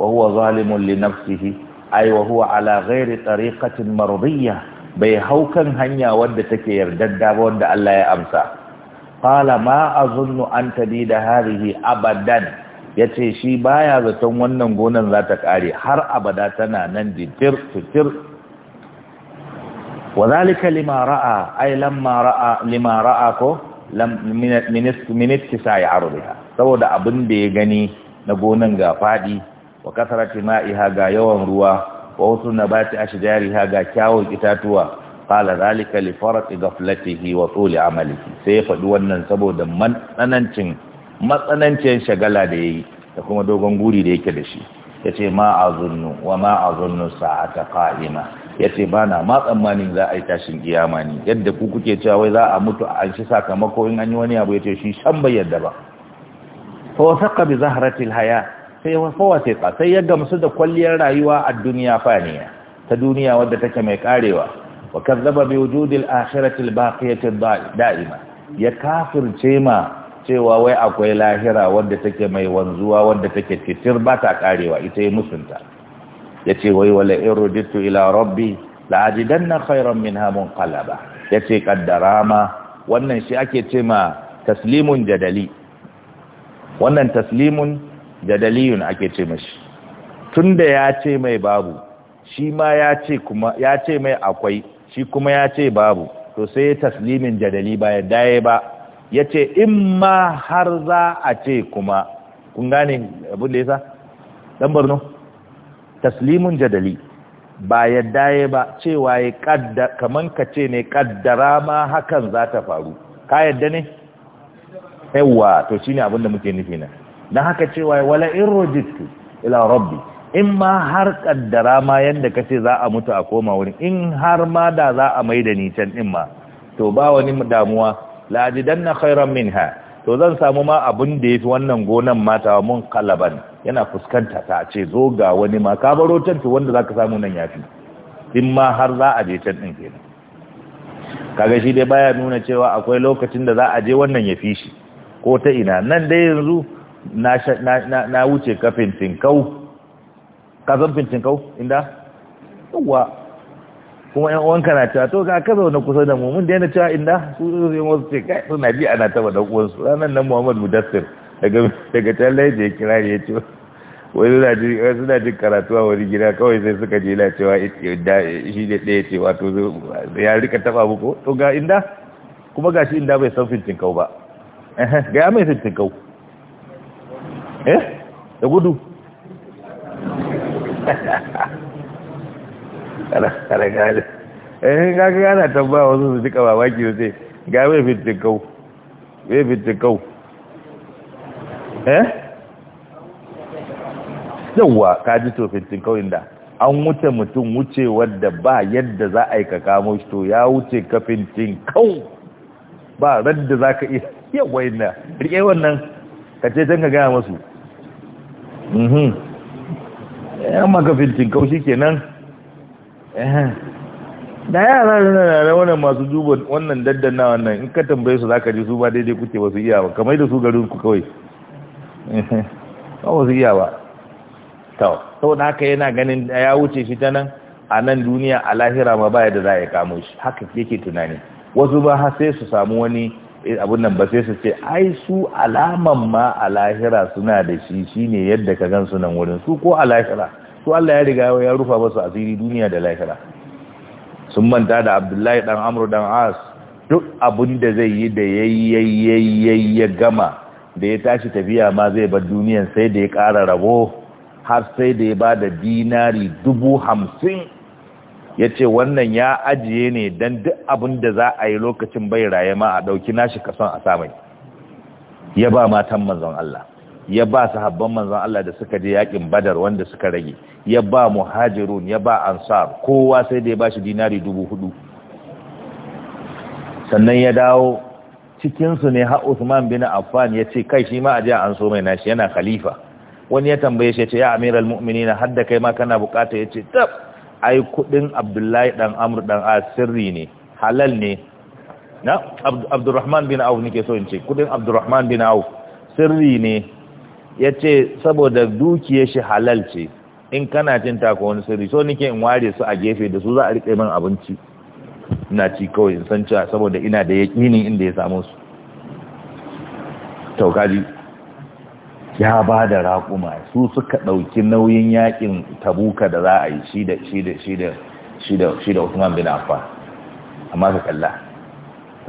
wa huwa zalimun li nafsihi Aiwahu wa ala ghairi tariqatin Marudiyya bai hau kan hanya wadda take yardadda ba wanda Allah ya amsa qala ma azunnu an tabida hadhihi abadan yace shi baya zaton wannan gonan za ta kare har abada tana nan ditir titir وذلك لما رأى أي لما رأى لما رأى لم من من saboda abin da ya gani na gonan ga fadi wa kasarati ma'iha ga yawan ruwa wa wasu nabati ashjariha ga kyawun itatuwa qala zalika li farati ghaflatihi wa tuli amalihi sai ya faɗi wannan saboda matsanancin matsanancin shagala da yayi da kuma dogon guri da yake da shi yace ma azunnu wa ma azunnu sa'ata qa'ima yace bana ma tsammanin za a yi tashin kiyama ne yadda ku kuke cewa wai za a mutu a shi sakamako in an yi wani abu yace shi shan bai yadda ba fa wasaqa bi zahratil haya sai fawa sai ya gamsu da kwalliyar rayuwa a duniya faniya ta duniya wadda take mai karewa wa kazzaba bi wujudil akhirati albaqiyati da'ima ya kafirce ma cewa wai akwai lahira wadda take mai wanzuwa wadda take fitir ba ta karewa ita ya musunta yace wai wala iruditu ila rabbi la ajidanna khayran minha munqalaba yace kaddarama ma wannan shi ake ce ma taslimun jadali wannan taslimun daliyun ake ce mashi tunda ya ce mai babu shi ma ya ce kuma ya ce mai akwai shi kuma ya ce babu to sai ya taslimin jadali ba ya daye ba ya ce in ma har za a ce kuma kun gane abin da ya sa ɗan barno taslimin jadali ba ya daye ba cewa ya kadda kaman ka ce ne kaddara ma hakan za ta faru ka yadda ne yawwa to shi ne abin da muke nufi na don haka cewa wala in rojitu ila rabbi in ma har kaddara ma yadda ka za a mutu a koma wurin in har ma da za a mai da ni can din ma to ba wani damuwa la'ajidan na khairan minha to zan samu ma abin da ya fi wannan gonan mata mun kalaban yana fuskanta ta ce zo ga wani ma ka baro can wanda zaka samu nan yafi in ma har za a je can din kenan kaga shi dai baya nuna cewa akwai lokacin da za a je wannan ya fi shi ko ta ina nan dai yanzu na wuce ka kau, ka zan kau, inda yawa kuma yan uwanka na cewa to ka kaza zaune kusa da mu mun yana cewa inda su zai wasu ce kai suna bi ana taba da uwansu ranar nan Muhammad Mudassir daga talla talle da kira ya ce wani suna jin karatu a wani gida kawai sai suka je na cewa shi ne ɗaya ce wato ya rika taba muku to ga inda kuma ga shi inda bai san kau ba ga ya mai kau? eh da gudu kare gane eh kaga ana tambaya wasu su duka babaki sai ga mai fitikau mai fitikau eh yawwa ka ji to fitikau inda an wuce mutum wuce wadda ba yadda za a yi ka kamo shi to ya wuce ka fitikau ba radda za ka iya yawa ina rike wannan ka ce can ka gaya masu yan mhm. eh, maka filcin kaushi kenan eh. da yara na da wannan masu duba wannan daddan na wannan in ka tambaye su zaka ji su ba daidai kuke ba su iya ba kamar da su garin ku kawai ba su iya ba to saboda haka yana ganin ya wuce shi ta nan a nan duniya a lahira ma baya da za a yi kamo shi haka yake tunani wasu ba har sai su samu wani abun nan ba sai su ce ai su alaman ma a lahira suna da shi shine yadda ka gan su nan wurin su ko a lahira su Allah ya riga ya rufa ba basu asiri duniya da lahira sun manta da Abdullahi dan amru dan As duk abun da zai yi da yayyayyayyay ya gama da ya tashi tafiya ma zai bar duniyan sai da ya kara rabo har sai da ya ba da dinari dubu hamsin ya ce wannan ya ajiye ne don duk abin da za a yi lokacin bai raye ma a ɗauki nashi kason a samai ya ba matan manzon Allah ya ba sahabban manzon Allah da suka je yakin badar wanda suka rage ya ba muhajirun ya ba ansar kowa sai da ya ba shi dinari dubu hudu sannan ya dawo cikinsu ne ha Usman bin Affan ya ce kai shi ma a an so mai nashi yana khalifa wani ya tambaye shi ya ce ya amiral mu'minina da kai ma kana bukata ya ce tab ai kudin abdullahi dan amr dan sirri ne halal ne na abdurrahman bin auf nike so in ce kudin abdurrahman bin auf sirri ne ya ce saboda dukiyar shi halal ce in kana cin taka wani sirri so nake in ware su a gefe da su za a rike min abinci ina ci kawai in san cewa saboda ina da yakinin inda ya samu su taukaji ya ba da raƙuma su suka ɗauki nauyin yakin tabuka da za a yi shi da shi da shi da shi da shi da Usman bin Affan amma ka kalla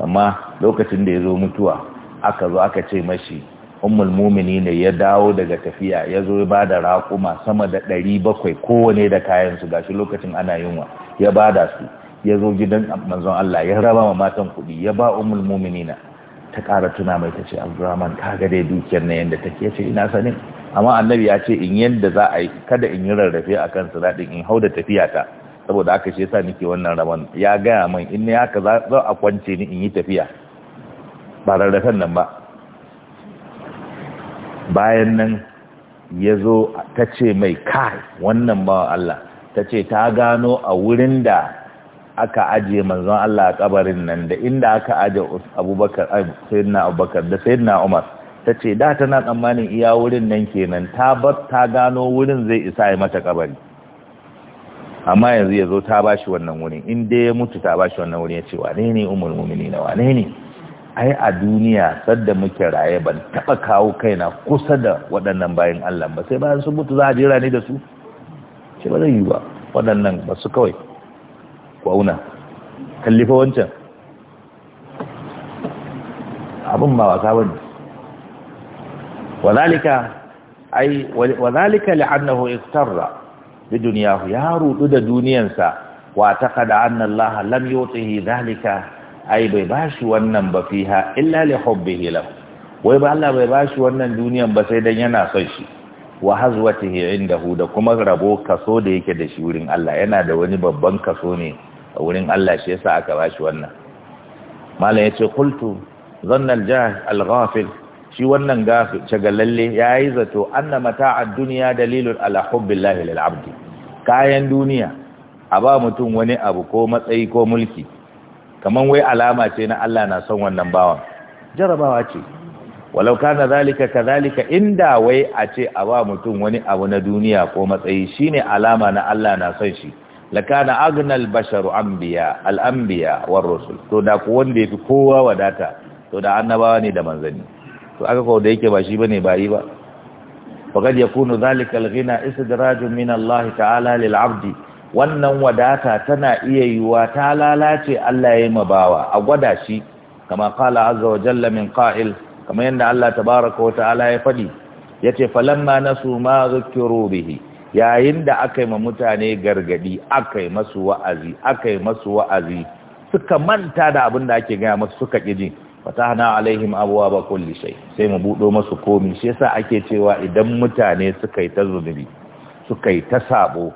amma lokacin da ya zo mutuwa aka zo aka ce mashi ummul ne ya dawo daga tafiya ya zo ya da raƙuma sama da ɗari bakwai kowane da kayansu, su gashi lokacin ana yunwa ya ba da su ya zo gidan manzon Allah ya raba ma matan kuɗi ya ba ummul na. ta ƙara tuna mai ta ce abdurrahman ka ga dai dukiyar na yadda take ce ina sanin amma annabi ya ce in yadda za a yi kada in yi rarrafe a kan sinadin in hau da tafiya ta saboda aka shi yasa nake wannan rabon ya gaya min in ya ka za a kwance ni in yi tafiya ba rarrafen nan ba bayan nan ya zo ta ce mai kai wannan ba Allah ta ce ta gano a wurin da aka ajiye manzon Allah a kabarin nan da inda aka aje abubakar sayyidina abubakar da sayyidina umar ta ce da tana tsammanin iya wurin nan kenan ta bar ta gano wurin zai isa ya mata kabari amma yanzu ya zo ta bashi wannan wurin in da ya mutu ta bashi wannan wurin ya ce wane ne umar mumini na wane ne ai a duniya da muke raye ban taba kawo kaina kusa da waɗannan bayan Allah ba sai bayan sun mutu za a jira ne da su ce ba zai yi ba waɗannan ba su kawai ku auna kalli fa wancan abin ba wasa bane ne. ai wadhalika li'annahu iktarra bi dunyahu ya rudu da duniyansa wa taqada anna Allah lam yutihi zalika ai bai bashi wannan ba fiha illa li hubbihi lahu wai ba Allah bai bashi wannan duniyan ba sai dan yana son shi wa hazwatihi indahu da kuma rabo kaso da yake da shi wurin Allah yana da wani babban kaso ne a wurin Allah shi yasa aka bashi wannan malam yace qultu zanna al-jahil al-ghafil shi wannan gafi shagalalle yayi zato anna mata'ad dunya dalilun ala hubbillahi lil kayan duniya a ba mutum wani abu ko matsayi ko mulki kaman wai alama ce na Allah na son wannan bawan jarabawa ce walau kana zalika kadhalika inda wai a ce a ba mutum wani abu na duniya ko matsayi shine alama na Allah na son shi lakana agnal basharu anbiya al-anbiya war rusul to da ku wanda yafi kowa wadata to da annabawa ne da manzanni to aka ko da yake ba shi bane bayi ba faqad yakunu dhalika al-ghina istidrajun min Allah ta'ala lil-'abdi wannan wadata tana iya yiwa ta lalace Allah ya mabawa a gwada shi kama qala azza wa jalla min qa'il kama yanda Allah tabaaraka wa ta'ala ya fadi yace falamma nasu ma dhukiru bihi yayin da aka yi ma mutane gargadi aka yi masu wa'azi aka yi masu wa'azi suka manta da abin da ake gaya masu suka ƙi ji na alaihim abuwa ba kulli shai sai mu buɗo masu komi shi yasa ake cewa idan mutane suka yi ta zunubi suka yi ta sabo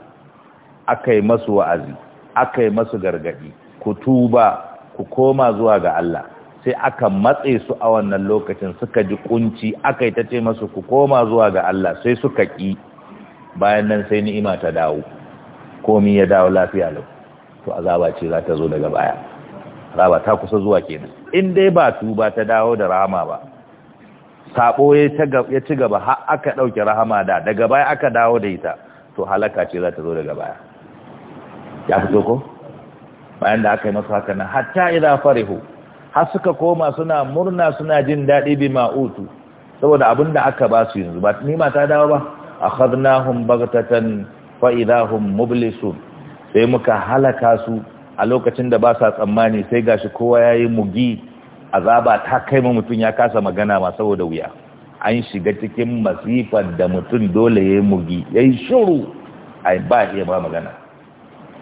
aka yi masu wa'azi aka yi masu gargadi ku tuba ku koma zuwa ga Allah sai aka matse su a wannan lokacin suka ji kunci aka yi ta ce masu ku koma zuwa ga Allah sai suka ƙi bayan nan sai ni'ima ta dawo komi ya dawo lafiya lau to azaba ce za ta zo daga baya azaba ta kusa zuwa kenan in dai ba tuba ta dawo da rahama ba sabo ya ci gaba har aka dauke rahama da daga baya aka dawo da ita to halaka ce za ta zo daga baya ya fito ko bayan da aka yi masa haka nan hatta ina farihu har suka koma suna murna suna jin daɗi bi ma'utu saboda abin da aka ba su yanzu ba ni ma ta dawo ba akhadnahum baghtatan fa idahum mublisun sai muka halaka su a lokacin da ba sa tsammani sai gashi kowa yayi mugi azaba ta kai ma mutun ya kasa magana ma saboda wuya an shiga cikin masifar da mutun dole yayi mugi yayi shiru ai ba iya ba magana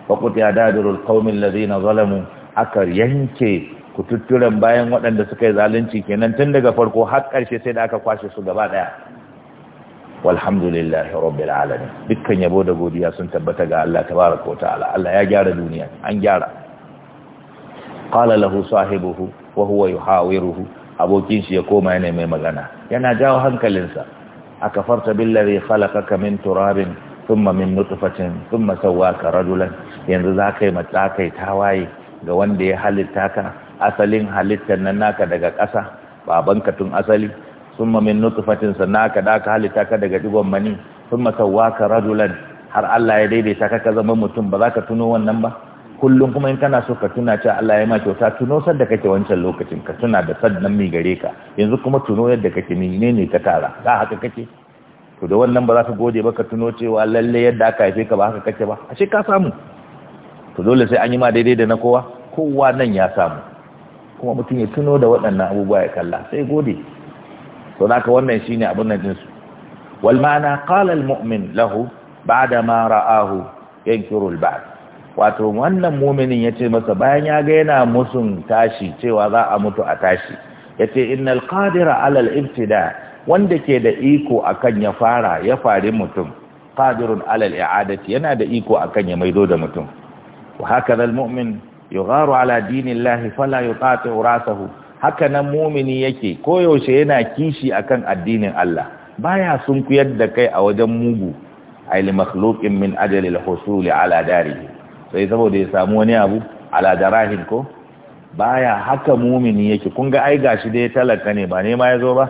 faqut ya dadirul qaumin ladina zalamu akar yanke kututturen bayan waɗanda suka yi zalunci kenan tun daga farko har ƙarshe sai da aka kwashe su gaba ɗaya walhamdulillahi rabbil alamin dukkan yabo da godiya sun tabbata ga Allah tabaraka wa ta'ala Allah ya gyara duniya an gyara qala lahu sahibuhu wa huwa yuhawiruhu abokin shi ya koma yana mai magana yana jawo hankalinsa akafarta billazi khalaqaka min turabin thumma min nutfatin thumma sawwaka rajulan yanzu kai matsakai tawaye ga wanda ya halitta ka asalin halittar nan naka daga ƙasa babanka tun asali summa min nutfatin sannan aka da aka halitta ka daga digon mani summa sawaka rajulan har Allah ya daidaita ka ka zama mutum ba za ka tuno wannan ba kullum kuma in kana so ka tuna cewa Allah ya ma kyauta tuno sanda kake wancan lokacin ka tuna da sannan mi gare ka yanzu kuma tuno yadda kake ne ne ka tara da haka kake to da wannan ba za ka gode ba ka tuno cewa lalle yadda aka haife ka ba haka kake ba ashe ka samu to dole sai an yi ma daidai da na kowa kowa nan ya samu kuma mutum ya tuno da waɗannan abubuwa ya kalla sai gode to naka wannan shine abun nan dinsu wal ma'ana qala al mu'min lahu ba'da ma ra'ahu yankiru al ba'd wato wannan mu'minin yace masa bayan ya ga yana musun tashi cewa za a mutu a tashi yace innal qadira ala al ibtida wanda ke da iko akan ya fara ya fari mutum qadirun ala al-i'adati yana da iko akan ya maido da mutum wa hakadha al-mu'min yugharu ala dinillahi fala yuqati'u rasahu haka nan mumini yake koyaushe yana kishi akan addinin Allah baya sunkuyar da kai a wajen mugu a makhluqin min ajali husuli ala darihi sai saboda ya samu wani abu ala darahin ko baya haka mumini yake kun ga ai gashi da ya talaka ne ba ne ma yazo ba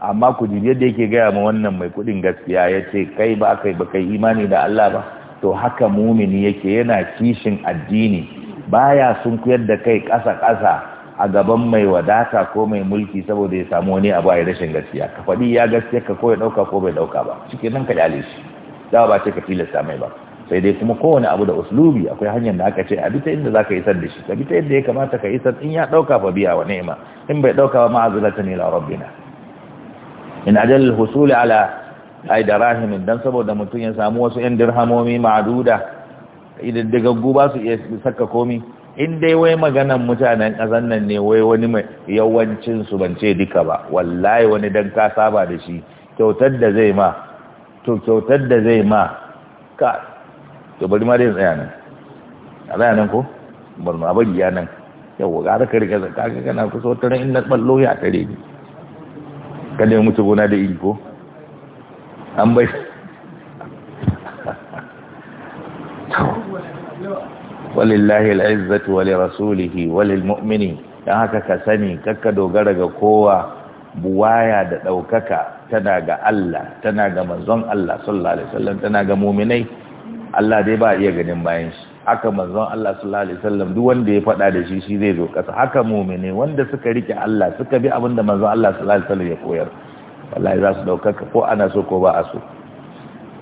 amma ku ji yadda yake gaya ma wannan mai kudin gaskiya yace kai ba kai ba kai imani da Allah ba to haka mumini yake yana kishin addini baya sunkuyar da kai kasa kasa a gaban mai wadata ko mai mulki saboda ya samu wani abu a rashin gaskiya ka faɗi ya gaskiya ka ko ya ɗauka ko bai ɗauka ba cikin nan ka dale shi za ba ce ka tilasta mai ba sai dai kuma kowane abu da uslubi akwai hanyar da aka ce a bita inda za ka isar da shi ka bita yadda ya kamata ka isar in ya ɗauka fa biya wa ni'ima in bai ɗauka ba ma'azilatan Rabbi rabbina in ajal husul ala ay darahimin dan saboda mutum ya samu wasu yan dirhamomi ma'duda idan daga guba su iya saka komi in dai wai maganan mutanen ƙasar nan ne wai wani mai yawancin su ban ce duka ba wallahi wani dan ka saba da shi kyautar da zai ma to kyautar da zai ma ka to bari ma dai tsaya nan a tsaya nan ko bari ma bari ya nan yau ga ka rike zaka ka kana kusa wata ran in ballo ya tare ni kada mutu gona da iri ko an bai walillahi al'izzatu wa li rasulihi wa lil dan haka ka sani kakka dogara ga kowa buwaya da daukaka tana ga Allah tana ga manzon Allah sallallahu alaihi wasallam tana ga mu'minai Allah dai ba iya ganin bayan shi haka manzon Allah sallallahu alaihi wasallam duk wanda ya faɗa da shi shi zai zo kasa haka mu'mini wanda suka rike Allah suka bi abin manzon Allah sallallahu alaihi wasallam ya koyar wallahi za su daukaka ko ana so ko ba a so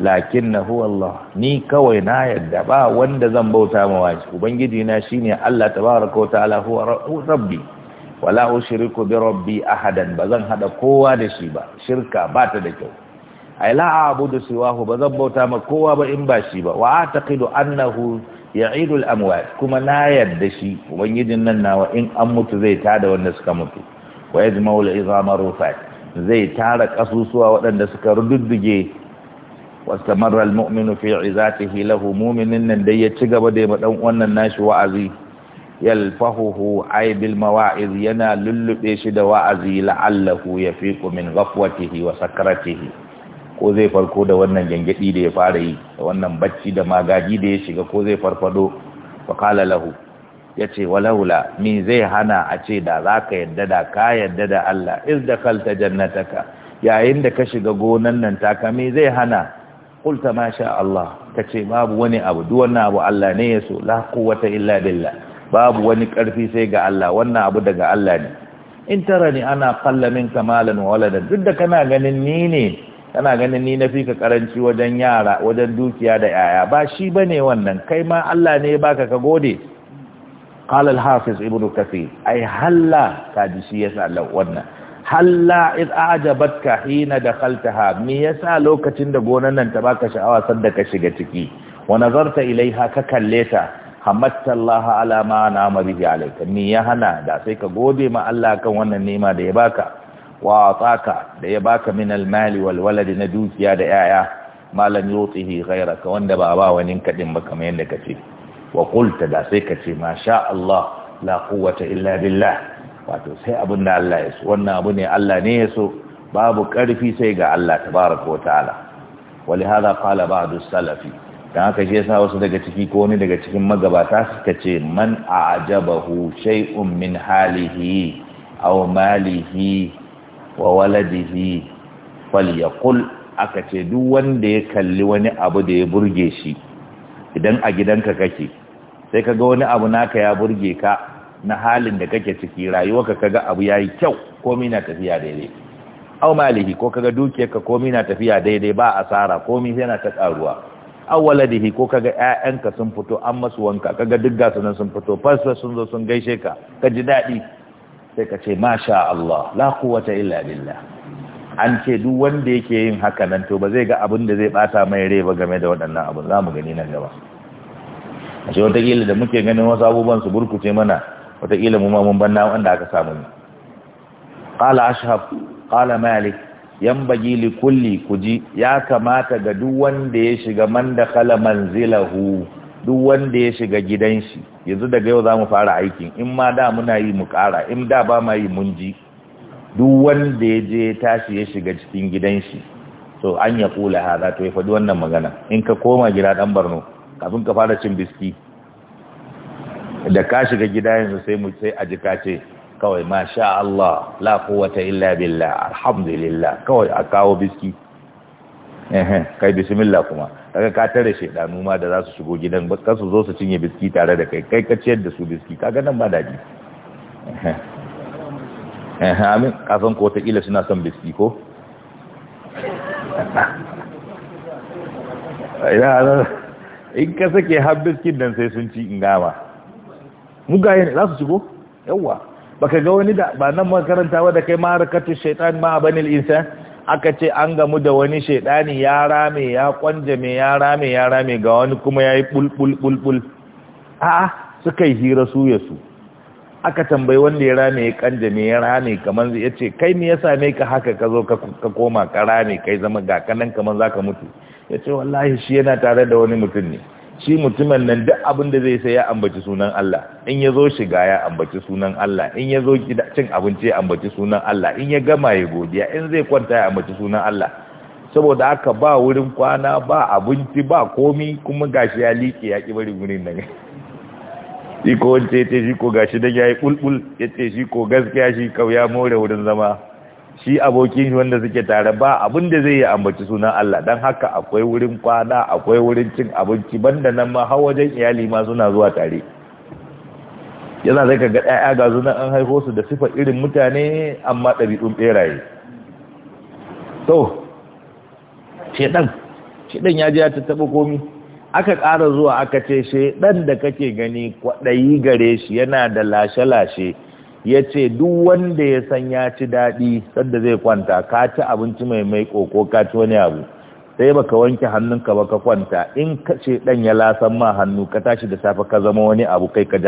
lakin na Allah ni kawai na yadda ba wanda zan bauta mawa ubangiji na shine Allah tabaraka wa ta'ala huwa rabbi wala ushriku bi rabbi ahadan bazan hada kowa da shi ba shirka ba ta da kyau ai la a'budu siwahu bazan bauta ma kowa ba in ba shi ba wa ataqidu annahu ya'idu al-amwat kuma na yadda shi ubangijin nan nawa in an mutu zai tada wanda suka mutu wa yajma'u al-izama rufat zai tara kasusuwa waɗanda suka rududduge واستمر المؤمن في عزاته له مؤمن nan dai ya ci gaba da dan wannan nashi wa'azi yalfahuhu ay bil mawa'iz yana lullube shi da wa'azi la'allahu yafiqu min ghafwatihi wa sakratihi ko zai farko da wannan gangadi da ya fara yi da wannan bacci da magaji da ya shiga ko zai farfado fa qala lahu yace walaula min zai hana a ce da zaka yadda da ka yadda da Allah iz dakalta jannataka yayin da ka shiga gonan nan taka me zai hana kulta ma sha Allah kace babu wani abu duwannan abu Allah ne ya so la quwwata illa billah babu wani karfi sai ga Allah wannan abu daga Allah ne in tarani ana qalla minka malan waladan duk da kana ganin ni ne kana ganin ni fi ka karanci wajen yara wajen dukiya da yaya ba shi bane wannan kai ma Allah ne baka ka gode qala hafiz ibnu kafi ai halla kaji shi yasa Allah wannan halla iz a'jabatka hina dakhaltaha me yasa lokacin da gonan nan ta baka sha'awa sanda ka shiga ciki wa nazarta ilaiha ka kalle ta hamatta Allah ala ma an'ama bihi alayka me ya hana da sai ka gode ma Allah kan wannan nema da ya baka wa ataka da ya baka min almali wal walad na dukiya da yaya malam yutihi ghayraka wanda ba ba wani kadin ba kamar yanda kace wa qulta da sai ce masha Allah la quwwata illa billah wato sai abin da Allah ya so wannan abu ne Allah ne ya so babu ƙarfi sai ga Allah tabaraka wataala wali hada qala ba'du salafi dan haka shi yasa wasu daga ciki ko wani daga cikin magabata suka ce man a'jabahu shay'un min halihi aw malihi wa waladihi falyaqul aka ce duk wanda ya kalli wani abu da ya burge shi idan a gidanka kake sai kaga wani abu naka ya burge ka na halin da kake ciki rayuwarka kaga abu yayi kyau komai na tafiya daidai aw malihi ko kaga dukiyarka komai na tafiya daidai ba asara komai yana ta karuwa aw waladihi ko kaga ƴaƴanka sun fito an masu wanka kaga duk gasunan sun fito fasa sun zo sun gaishe ka ka ji daɗi sai ka ce masha Allah la quwwata illa billah an ce duk wanda yake yin haka nan to ba zai ga abin da zai bata mai rai ba game da waɗannan abin za gani nan gaba a ce wataƙila da muke ganin wasu abubuwan su burkuce mana wataƙila mu ma mun banna wanda aka samu ne qala ashab qala malik yanbaghi li kulli kuji ya kamata ga duk wanda ya shiga man kala manzilahu duk wanda ya shiga gidan shi yanzu daga yau zamu fara aikin in ma da muna yi mu ƙara in da ba ma yi mun ji duk wanda ya je tashi ya shiga cikin gidan shi to an ya kula hada to ya faɗi wannan magana in ka koma gida dan barno kafin ka fara cin biski da ka shiga gida yanzu sai mu sai a jika ce kawai masha Allah la quwwata illa billah alhamdulillah kawai a kawo biski eh kai bismillah kuma kaga ka tare shedanu ma da za su shigo gidan ba su zo su cinye biski tare da kai kai ka ciyar da su biski kaga nan ba daji eh amin ka san ko ta kila suna son biski ko in ka sake har biskin nan sai sun ci in gama mugaye ne za su shigo yawwa ka ga wani da ba nan makaranta ba da kai marakatu shaitan ma banil insan aka ce an gamu da wani shaitani ya rame ya kwanje mai ya rame ya rame ga wani kuma yayi yi bulbulbulbul a'a suka yi hira su ya su aka tambayi wanda ya rame ya kanje mai ya rame kamar ya ce kai me ya same ka haka ka zo ka koma ka rame kai zama ga kanan za ka mutu ya ce wallahi shi yana tare da wani mutum ne shi mutumin nan duk abin da zai sai ya ambaci sunan Allah in ya zo shiga ya ambaci sunan Allah in ya zo cin abinci ya ambaci sunan Allah in ya gama ya godiya in zai kwanta ya ambaci sunan Allah saboda haka ba wurin kwana ba abinci ba komi kuma gashi ya liƙe ya ƙi bari wurin nan shi ko wance ya ce shi ko gashi da ya yi ɓulɓul ya ce shi ko gaskiya shi kau ya more wurin zama shi abokin shi wanda suke tare ba abin da zai yi ambaci sunan Allah dan haka akwai wurin kwana akwai wurin cin abinci banda nan ma har wajen iyali ma suna zuwa tare yana zai kaga ɗaya ga sunan an haifo su da sifa irin mutane amma ɗabi'un ɓeraye to shedan shedan ya ji ya tattaɓa komi aka ƙara zuwa aka ce shedan da kake gani kwaɗayi gare shi yana da lashe-lashe ya ce duk wanda ya san ya ci daɗi sadda zai kwanta ka ci abinci mai mai ƙoƙo ka ci wani abu sai baka wanke hannunka ba ka kwanta in ka ce dan ya lasan ma hannu ka tashi da safe ka zama wani abu kai ka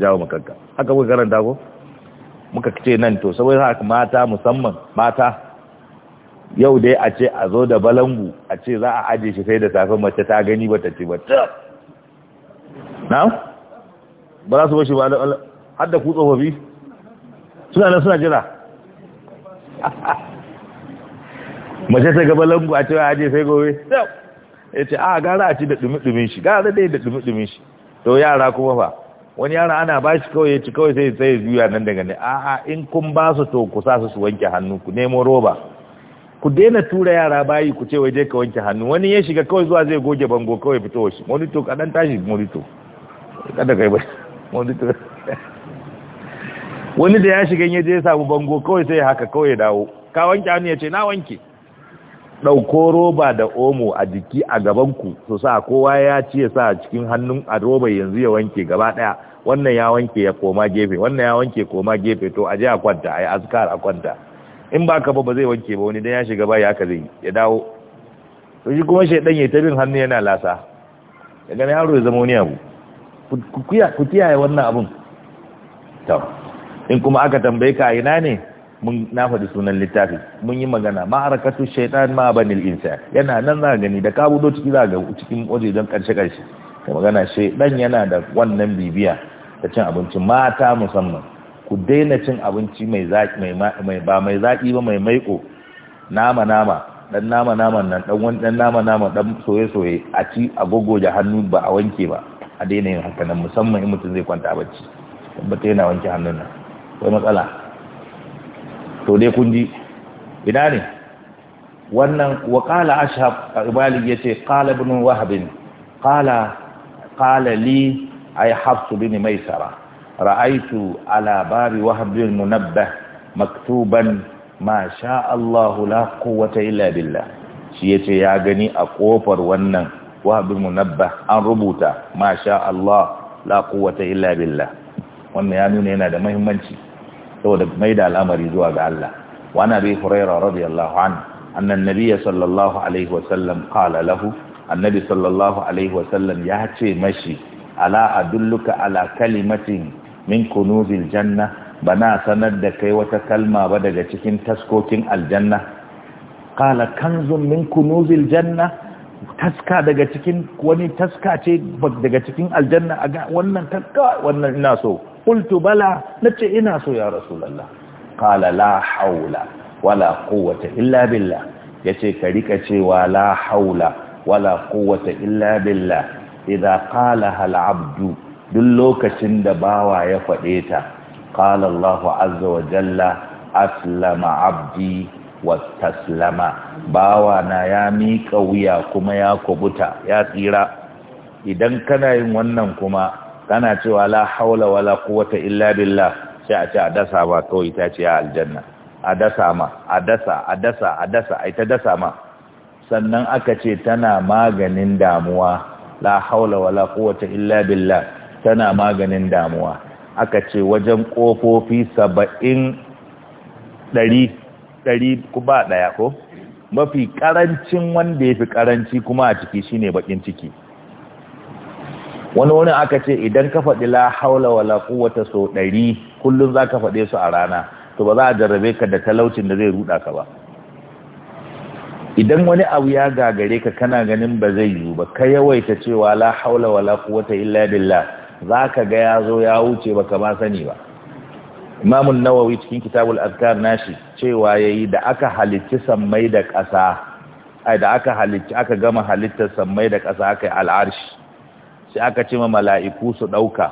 jawo makarka haka kuka karanta ko muka ce nan to saboda haka mata musamman mata yau dai a ce a zo da balangu a ce za a aje shi sai da safe mace ta gani bata ci ba na ba za su bashi ba har da ku tsofaffi suna nan suna jira mace ta gaba lambu a cewa aje sai gobe ya ce a ah, gara a ci da dumi-dumin shi gara dai da dumi-dumin shi to yara kuma fa wani yara ana ba shi kawai ya ci kawai sai sai zuwa nan daga ne a'a in kun ba su to ku sa su su wanke hannu ku nemo roba ku daina tura yara bayi ku ce waje ka wanke hannu wani ya shiga kawai zuwa zai goge bango kawai fito shi monito kadan tashi monito kada kai ba monito wani da ya shiga ya je ya samu bango kawai sai haka kawai ya dawo ka wanke hannu ya ce na wanke ɗauko roba da omo a jiki a gabanku su sa kowa ya ci ya sa a cikin hannun a roba yanzu ya wanke gaba ɗaya wannan ya wanke ya koma gefe wannan ya wanke koma gefe to a je a kwanta a yi askar a kwanta in ba ka ba ba zai wanke ba wani dan ya shiga ba ya ka zai ya dawo to shi kuma shaidan ya ta bin hannu yana lasa ya gani yaro ya zama wani abu ku kiyaye wannan abun to in kuma aka tambaye ka ina ne mun na faɗi sunan littafi mun yi magana ma'arakatu shaitan ma banil insa yana nan za gani da ka budo ciki za ga cikin wajejen karshe karshe ka magana shaitan yana da wannan bibiya da cin abinci mata musamman ku daina cin abinci mai zaki mai ba mai zaki ba mai maiƙo nama nama dan nama naman nan dan wani dan nama nama dan soye soye a ci a gogoje hannu ba a wanke ba a daina yin haka nan musamman in mutum zai kwanta a bacci tabbata yana wanke hannun nan akwai matsala to dai kun ji ina ne wannan wa qala ashab ibali yace qala ibn wahb qala qala li ay hafs bin maisara ra'aitu ala babi wahb bin munabbah maktuban ma sha Allah la quwwata illa billah shi yace ya gani a kofar wannan wahabin bin munabbah an rubuta ma sha Allah la quwwata illa billah wannan ya nuna yana da mahimmanci. saboda mai da al'amari zuwa ga Allah wa ana bi hurairah radiyallahu anhu anna an sallallahu alaihi wa sallam qala lahu annabi sallallahu alaihi wa sallam ya ce mashi ala adulluka ala kalimatin min kunuzil janna bana sanar da kai wata kalma ba daga cikin taskokin aljanna qala kanzun min kunuzil janna taska daga cikin wani taska ce daga cikin aljanna wannan taska wannan ina so qultu bala nace ina so ya rasulullah qala la haula wala quwwata illa billah yace ka rika cewa la haula wala quwwata illa billah idza kala hal abdu duk lokacin da bawa ya fade ta qala Allahu azza wa jalla aslama abdi wattaslama bawa na ya miƙa wuya kuma ya kubuta ya tsira idan kana yin wannan kuma kana cewa la haula wala quwwata illa billah sai a ce a dasa ba kawai ta ce aljanna a dasa ma a dasa a dasa a dasa ai ta dasa ma sannan aka ce tana maganin damuwa la haula wala quwwata illa billah tana maganin damuwa aka ce wajen kofofi saba'in ɗari ba ɗaya ko mafi ƙarancin wanda yafi fi ƙaranci kuma a ciki shine baƙin ciki wani wani aka ce idan ka faɗi la haula wala quwwata so ɗari kullum zaka faɗe su a rana to ba za a jarrabe ka da talaucin da zai ruɗa ka ba idan wani abu ya gagare ka kana ganin ba zai yiwu ba ka yawaita cewa la haula wala quwwata illa billah za ga ya zo ya wuce ba ka ma sani ba Imam Nawawi cikin Kitabul Azkar nashi cewa yayi da aka halicci sammai da ƙasa ai da aka halicci aka gama halittar sammai da ƙasa kai al'arshi sai aka ce ma mala'iku su ɗauka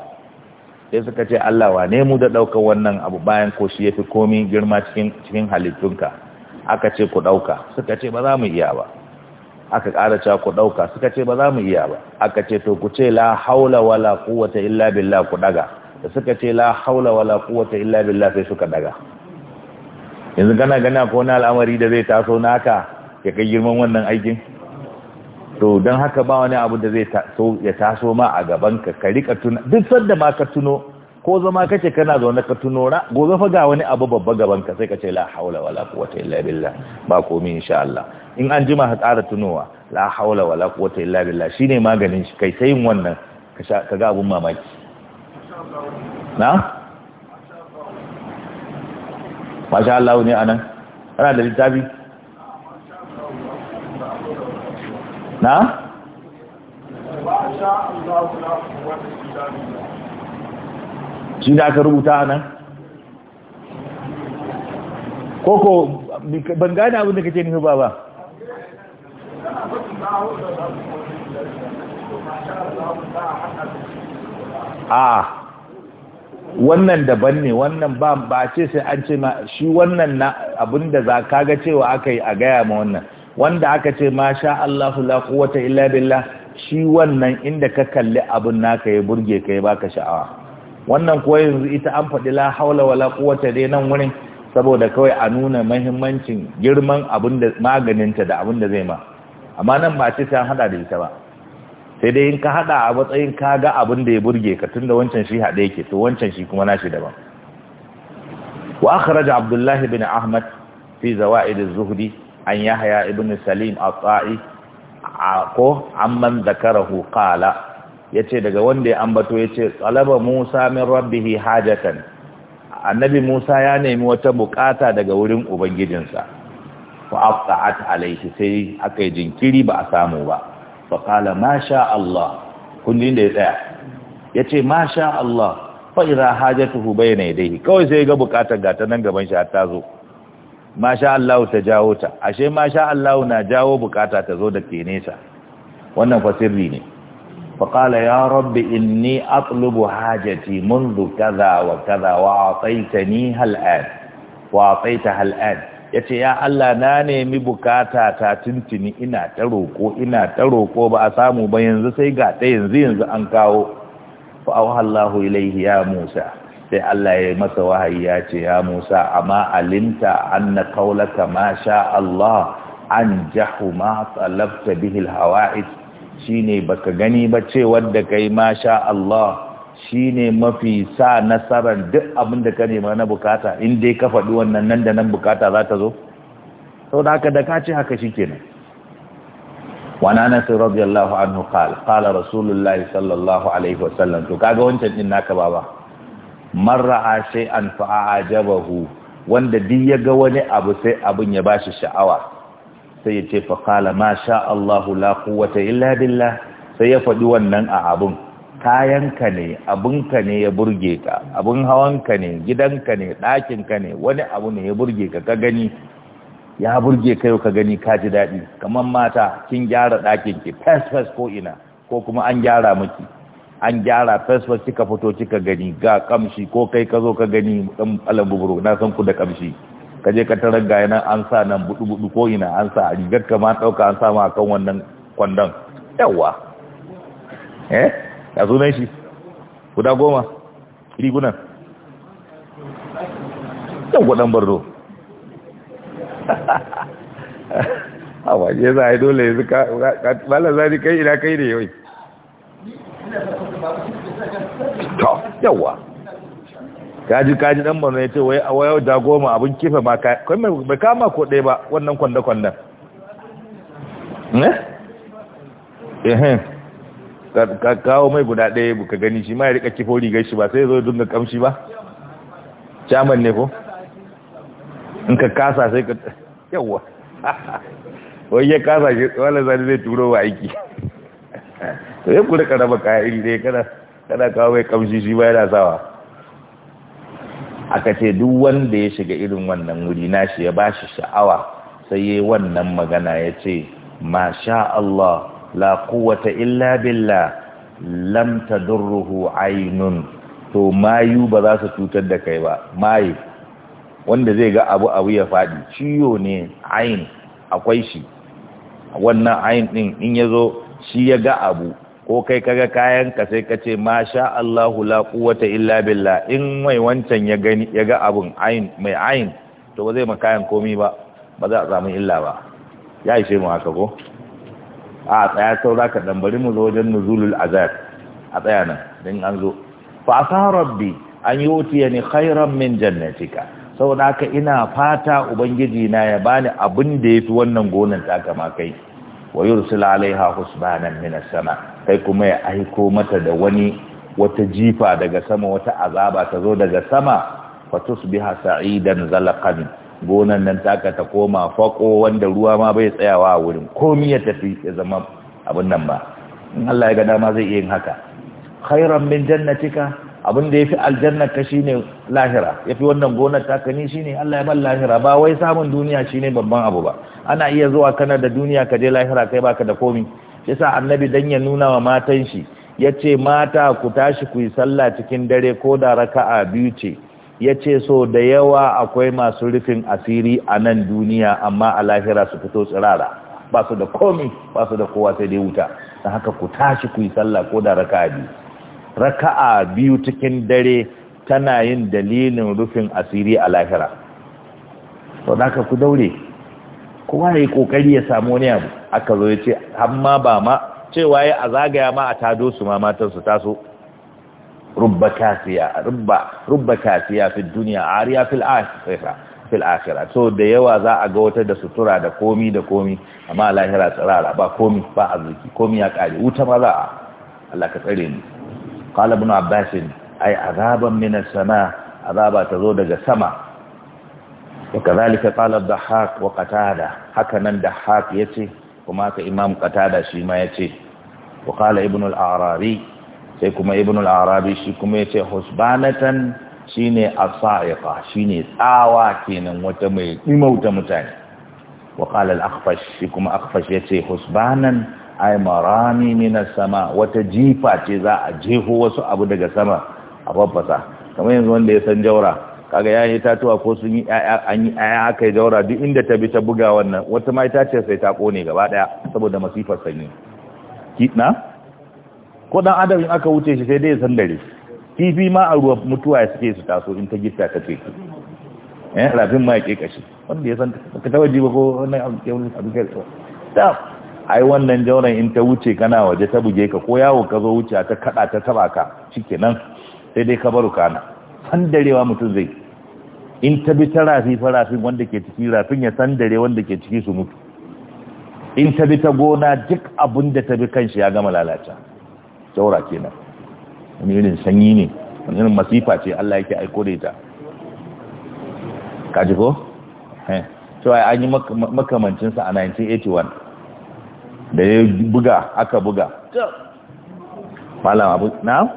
sai suka ce Allah ne mu da ɗaukar wannan abu bayan ko shi ya fi komi girma cikin halittunka aka ce ku ɗauka suka ce ba za mu iya ba aka ƙara cewa ku ɗauka suka ce ba za mu iya ba aka ce to ku ce la haula wala quwwata illa billah ku daga da suka ce la haula wala quwwata illa billah sai suka daga yanzu kana gana ko na al'amari da zai taso naka ya kai girman wannan aikin so don haka ba wani abu da zai ya taso ma a gaban ka rika tuna duk sanda ma ka tuno ko zama kace kana zaune ka tuno ra gobe fa ga wani abu babba gaban ka sai ka ce la haula wala quwwata illa billah ba komai insha Allah in an jima ka tsara tunowa la haula wala quwwata illa billah shine maganin shi kai sai wannan ka ga abun mamaki na masha Allah ne anan kana da littafi na? shi da aka rubuta nan koko ban gane abin da kake nufi ba ba a wannan daban ne wannan ba ba ce sai an ce ma shi wannan na da za ka ga cewa aka yi a gaya ma wannan wanda aka ce ma sha Allahu la quwwata illa billah shi wannan inda ka kalli abun naka ya burge kai baka sha'awa wannan ko yanzu ita an faɗi la haula wala quwwata dai nan wurin saboda kawai a nuna mahimmancin girman abin da maganinta da abin da zai ma amma nan ba ce san hada da ita ba sai dai in ka hada a matsayin ka ga abin da ya burge ka tunda wancan shi hade yake to wancan shi kuma nashi daban wa akhraj abdullahi bin ahmad fi zawaid az-zuhdi an yahaya ibn salim at-ta'i ko amman zakarahu qala yace daga wanda ya ambato yace talaba musa min rabbih hajatan annabi musa ya nemi wata bukata daga wurin ubangijinsa fa afqa'at alayhi sai akai jinkiri ba a samu ba fa qala ma sha Allah kullin da ya tsaya yace ma sha Allah fa idha hajatuhu bayna yadayhi kawai sai ga bukatar gata nan gaban shi har ta zo masha Allah ta jawo ta ashe masha Allah na jawo bukata ta zo da ke nesa wannan fasirri ne فقال يا رب إني kaza wa منذ كذا وكذا وأعطيتنيها الآن وأعطيتها الآن yace ya Allah na nemi bukata ta tuntuni ina ta roko ina ta roko ba a samu ba yanzu sai ga ta yanzu yanzu an kawo fa awhallahu ilayhi ya Musa sai Allah ya masa wahayi ya ce ya Musa amma alimta anna qaulaka ma sha Allah an jahuma talabta bihi alhawa'id shine baka gani ba ce wanda kai ma sha Allah shine mafi sa nasaran duk abin da ka nema na bukata in dai ka faɗi wannan nan da nan bukata za ta zo saboda haka da ka ce haka shikenan وعن انس رضي الله عنه قال قال رسول الله to kaga wancan din naka baba Marra an fa'a a ajabahu wanda duk ya ga wani abu sai abin ya bashi sha'awa sai ya ce fa qala ma sha Allahu la quwwata illa sai ya faɗi wannan a abun kayanka ne ka ne ya burge ka abun hawanka ne gidanka ne ɗakinka ne wani abu ne ya burge ka ka gani ya burge ka yau ka gani ka ji daɗi kamar mata kin gyara ɗakin ki fes fes ko ina ko kuma an gyara miki an gyara fesfas kika fito kika gani ga kamshi ko kai ka zo ka gani dan alam buburu na san ku da kamshi ka je ka tarar ga yana an sa nan budu budu ko ina an sa a rigar ka ma dauka an sa ma kan wannan kwandon yawa eh ya zo shi guda goma rigunan yan gudan bardo a waje za a yi dole yanzu ka malar zani kai ina kai ne yawai to yawa kaji kaji dan bano yace wai a wayau da goma abun kife ma kai bai kama ko dai ba wannan kwanda kwanda ne eh ka kawo mai guda ɗaya buka gani shi ma ya rika kifo rigar shi ba sai zo dinga kamshi ba chairman ne ko in ka kasa sai ka yawa wai ya kasa shi wala zai zai turo wa aiki to yi kuri ka raba iri dai kana kawo mai kamshi shi ba yana sawa aka ce duk wanda ya shiga irin wannan wuri shi ya ba shi sha'awa sai yi wannan magana ya ce ma sha Allah la quwwata illa Lamta don ruhu aynun to mayu ba za su cutar da kai ba mayu wanda zai ga abu abu ya faɗi "Ciyo ne ayin akwai shi wannan ayin ɗin in ya zo shi ya ga abu ko kai kaga kayan ka sai ka ce masha Allahu la quwwata illa billah in mai wancan ya gani ya ga abun ayin mai ayin to ba zai ma kayan komai ba ba za a samu illa ba ya ishe mu haka ko a tsaya za ka dan bari mu zo wajen nuzulul azab a tsaya nan din an zo fa sa rabbi an yani khairan min jannatika saboda ka ina fata ubangiji na ya bani abin da yafi wannan gonan ta kama kai wa yursila alaiha husbanan min sama kai kuma ya aiko mata da wani wata jifa daga sama wata azaba ta zo daga sama fa tusbiha sa'idan zalqan gonan nan taka ta koma fako wanda ruwa ma bai tsayawa a wurin komi ya tafi ya zama abin nan ba in Allah ya ga dama zai iya yin haka khairan min jannatika abin da ya fi aljanna ka shi ne lahira ya fi wannan gonar takani shi ne Allah ya ban lahira ba wai samun duniya shi ne babban abu ba ana iya zuwa kanar da duniya ka je lahira kai baka da komi shi sa annabi dan ya nuna wa matan shi ya ce mata ku tashi ku yi sallah cikin dare ko da raka'a biyu ce ya ce so da yawa akwai masu rufin asiri a nan duniya amma a lahira su fito tsirara ba su da komi ba su da kowa sai dai wuta don haka ku tashi ku yi sallah ko da raka'a biyu raka'a biyu cikin dare tana yin dalilin rufin asiri a lahira to da ku daure kowa yi kokari ya samu wani abu aka zo ya ce amma ba ma cewa ya a zagaya ma a tado su ma su taso rubba kasiya rubba rubba kasiya fi duniya ariya fil akhirah akhirah so da yawa za a ga wata da sutura da komi da komi amma lahira tsirara ba komi ba arziki komi ya kare wuta ma za a Allah ka tsare ni qala ibn abbas ay azaban min as-sama azaba tazo daga sama wakadhalika qala ad-dhahhak wa qatada haka nan dhahhak yace kuma haka imam qatada shi ma yace wa qala ibn al sai kuma ibn al-arabi shi kuma yace husbanatan shine asaiqa shine tsawa kenan wata mai dimauta mutane wa qala al-akhfash shi kuma akhfash yace husbanan ai marami minas sama wata jifa ce za a jefo wasu abu daga sama a faffasa kamar yanzu wanda ya san jaura kaga ya yi tatuwa ko sun yi an yi aya aka yi jaura duk inda ta bi ta buga wannan wata ma ita ce sai ta kone gaba daya saboda masifar sanyi kitna ko dan adam in aka wuce shi sai dai san dare kifi ma a ruwa mutuwa ya suke su taso in ta gitta ta ce eh rafin ma ya ke kashi wanda ya san ka tawaji ba ko wannan abu ke wani abu ke ta ai wannan jauran in ta wuce kana waje ta buge ka ko yawo ka zo wuce ta kada ta taba ka nan, sai dai ka baro kana San darewa mutum zai in ta bi ta rafi fa rafin wanda ke ciki rafin ya san dare wanda ke ciki su mutu in ta bi ta gona duk abin da ta bi kanshi ya gama lalata jaura kenan wani irin sanyi ne wani irin masifa ce Allah yake aiko da ita kaji ko eh to ai an yi makamancinsa a 1981 da ya buga aka buga malama na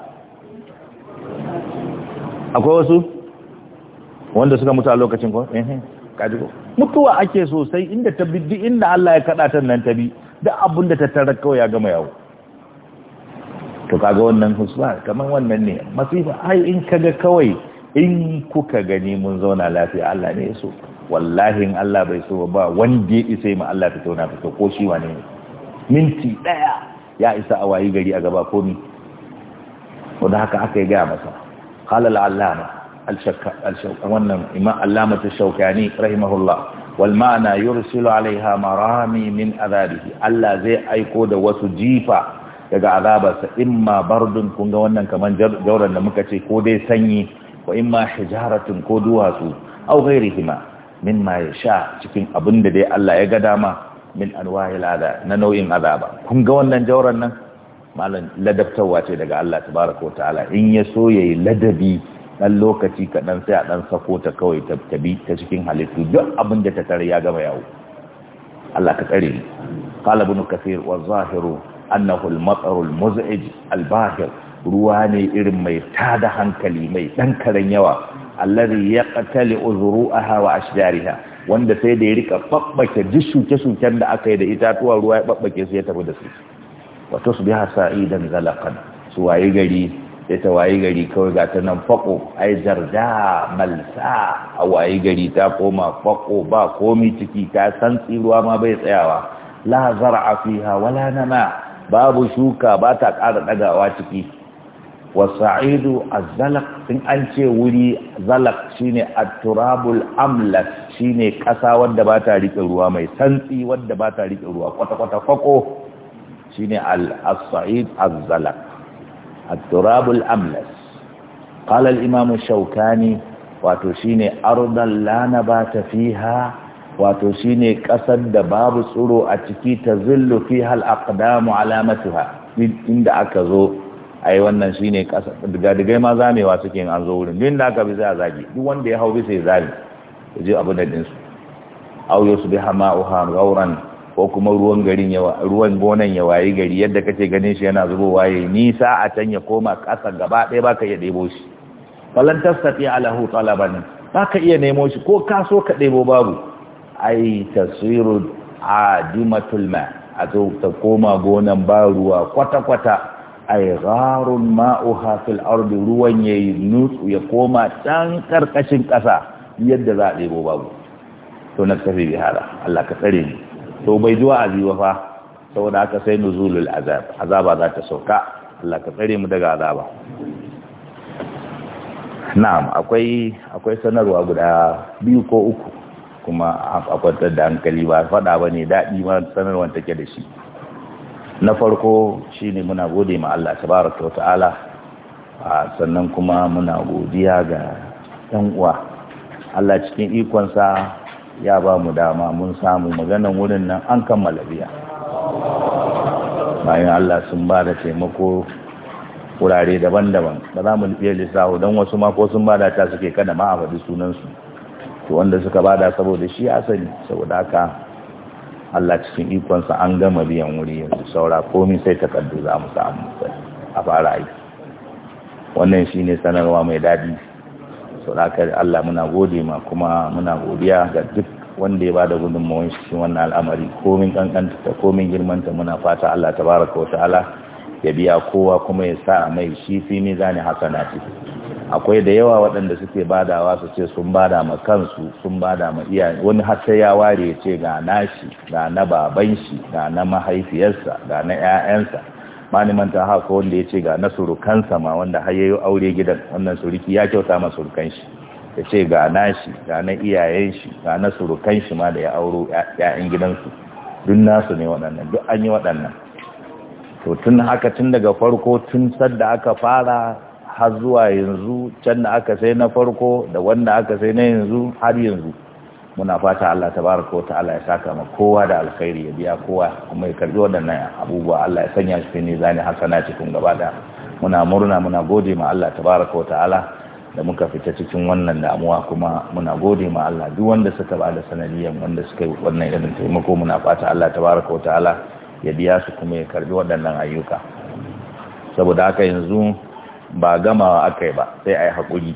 akwai wasu wanda suka mutu a lokacin ko eh, eh, kajigo mutuwa ake sosai inda ta bi inda Allah ya kada ta nan ta bi da abin da ta tarar kawai ya gama yawo to kaga wannan husba kaman wannan ne masifa ai in kaga kawai in kuka gani mun zauna lafiya Allah ne ya so wallahi in Allah bai so ba wanda ya isa ma Allah ta zauna ta ko shi wane ne minti ɗaya ya isa a wayi gari a gaba komi wadda haka aka yi gaya masa halal allama wannan imam allama ta shaukani rahimahullah wal ma'ana yursilu alaiha marami min azabihi Allah zai aiko da wasu jifa daga azabarsa imma bardun kun ga wannan kaman jauran da muka ce ko dai sanyi ko imma hijaratun ko duwatsu au ghairihima mimma yasha cikin abinda dai Allah ya ga dama min anwa'il adab na nau'in azaba kun ga wannan jawran nan malam ladabtarwa ce daga Allah tabaraka ta'ala in ya so yayi ladabi dan lokaci kadan sai a dan sako ta kawai bi ta cikin halittu duk abin da ta tare ya gama yawo Allah ka tsare ni qala ibn kathir wa zahiru annahu al-matar al-muz'ij al-bahir ruwa ne irin mai tada hankali mai dan karen yawa alladhi yaqtali uzru'aha wa ashdariha wanda sai da ya rika babbake duk shuke-shuken da aka yi da itatuwa ruwa ya babbake su ya tafi da su wato su biya sa'idan zalakan su waye gari ta waye gari kawai ga ta nan fako ai zarda malsa a waye gari ta koma fako ba komi ciki ta san tsiruwa ma bai tsayawa la zar'a fiha wala nama babu shuka ba ta ƙara ɗagawa ciki wasa'idu zalak sun an ce wuri zalak shine a turabul amlas ne ƙasa wadda ba ta riƙe ruwa mai santsi wadda ba ta riƙe ruwa kwata-kwata kwako ne al-sa'id az-zalaq at-turab al-amlas qala al-imam shawkani wato shine ardan la nabata fiha wato ne ƙasar da babu tsiro a ciki ta zillu hal al alamatu ha, inda aka zo yi wannan ne ƙasa daga ma zamewa suke an zo wurin duk da aka bi sai a zagi duk wanda ya hau bi sai zagi ya je abin da dinsu au ya su bi hama'uha gauran ko kuma ruwan gonan ya wayi gari yadda kace ganin shi yana zubowa yayi nisa a can ya koma ƙasa gaba ɗaya baka iya ɗebo shi falan tastati alahu talaban baka iya nemo shi ko ka so ka ɗebo babu ai taswiru adimatul ma a zo ta koma gonan ba ruwa kwata kwata ai gharun ma'uha fil ardi ruwan yayi nutsu ya koma ɗan karkashin ƙasa yadda za a ɗebo babu to na tafi bi hada Allah ka tsare ni to bai zuwa a ba fa saboda haka sai nuzulul azab azaba za ta sauka Allah ka tsare mu daga azaba na'am akwai akwai sanarwa guda biyu ko uku kuma a kwantar da hankali ba faɗa ba ne daɗi ma sanarwar take da shi na farko shine muna gode ma Allah tabaraka wa ta'ala sannan kuma muna godiya ga ɗan uwa Allah cikin ikonsa ya ba mu dama mun samu maganan wurin nan an kammala biya bayan Allah sun ba da taimako wurare daban-daban ba za mu iya lissahu don wasu mako sun ba da ta suke kada ma a faɗi sunansu to wanda suka ba da saboda shi asali saboda haka Allah cikin ikonsa an gama biyan wuri yanzu saura komi sai takardu za mu samu a fara aiki wannan shine sanarwa mai daɗi saurakar Allah muna gode ma kuma muna godiya ga duk wanda ya ba da gudunmawar cikin wannan al'amari komin kankanta ta komin girmanta muna fata Allah ta baraka wa ta'ala ya biya kowa kuma ya sa a mai shi fi mizani hasanati akwai da yawa waɗanda suke badawa su ce sun bada ma kansu sun bada ma iyaye wani har ya ware ya ce ga nashi ga na baban shi ga na mahaifiyarsa ga na 'ya'yansa maliman ta haka wanda ya ce ga na surukansa ma wanda har yayi aure gidan wannan suruki ya kyauta ma surukan shi ya ce ga na shi ga na iyayen shi ga na surukan shi ma da ya auro ya'yan gidansu duk nasu ne waɗannan duk an yi waɗannan to tun haka tun daga farko tun sadda aka fara har zuwa yanzu can da aka sai na farko da wanda aka sai na yanzu har yanzu muna fata Allah wa ta'ala ya saka ma kowa da alkhairi ya biya kowa kuma ya karbi waɗannan abubuwa Allah ya sanya shi ne zane hasana cikin gaba da muna murna muna gode ma Allah wa ta'ala da muka fita cikin wannan damuwa kuma muna gode ma Allah duk wanda suka ba da sanadiyan wanda suka yi wannan irin taimako muna fata Allah wa ta'ala ya biya su kuma ya karbi waɗannan ayyuka saboda haka yanzu ba gamawa aka yi ba sai a yi haƙuri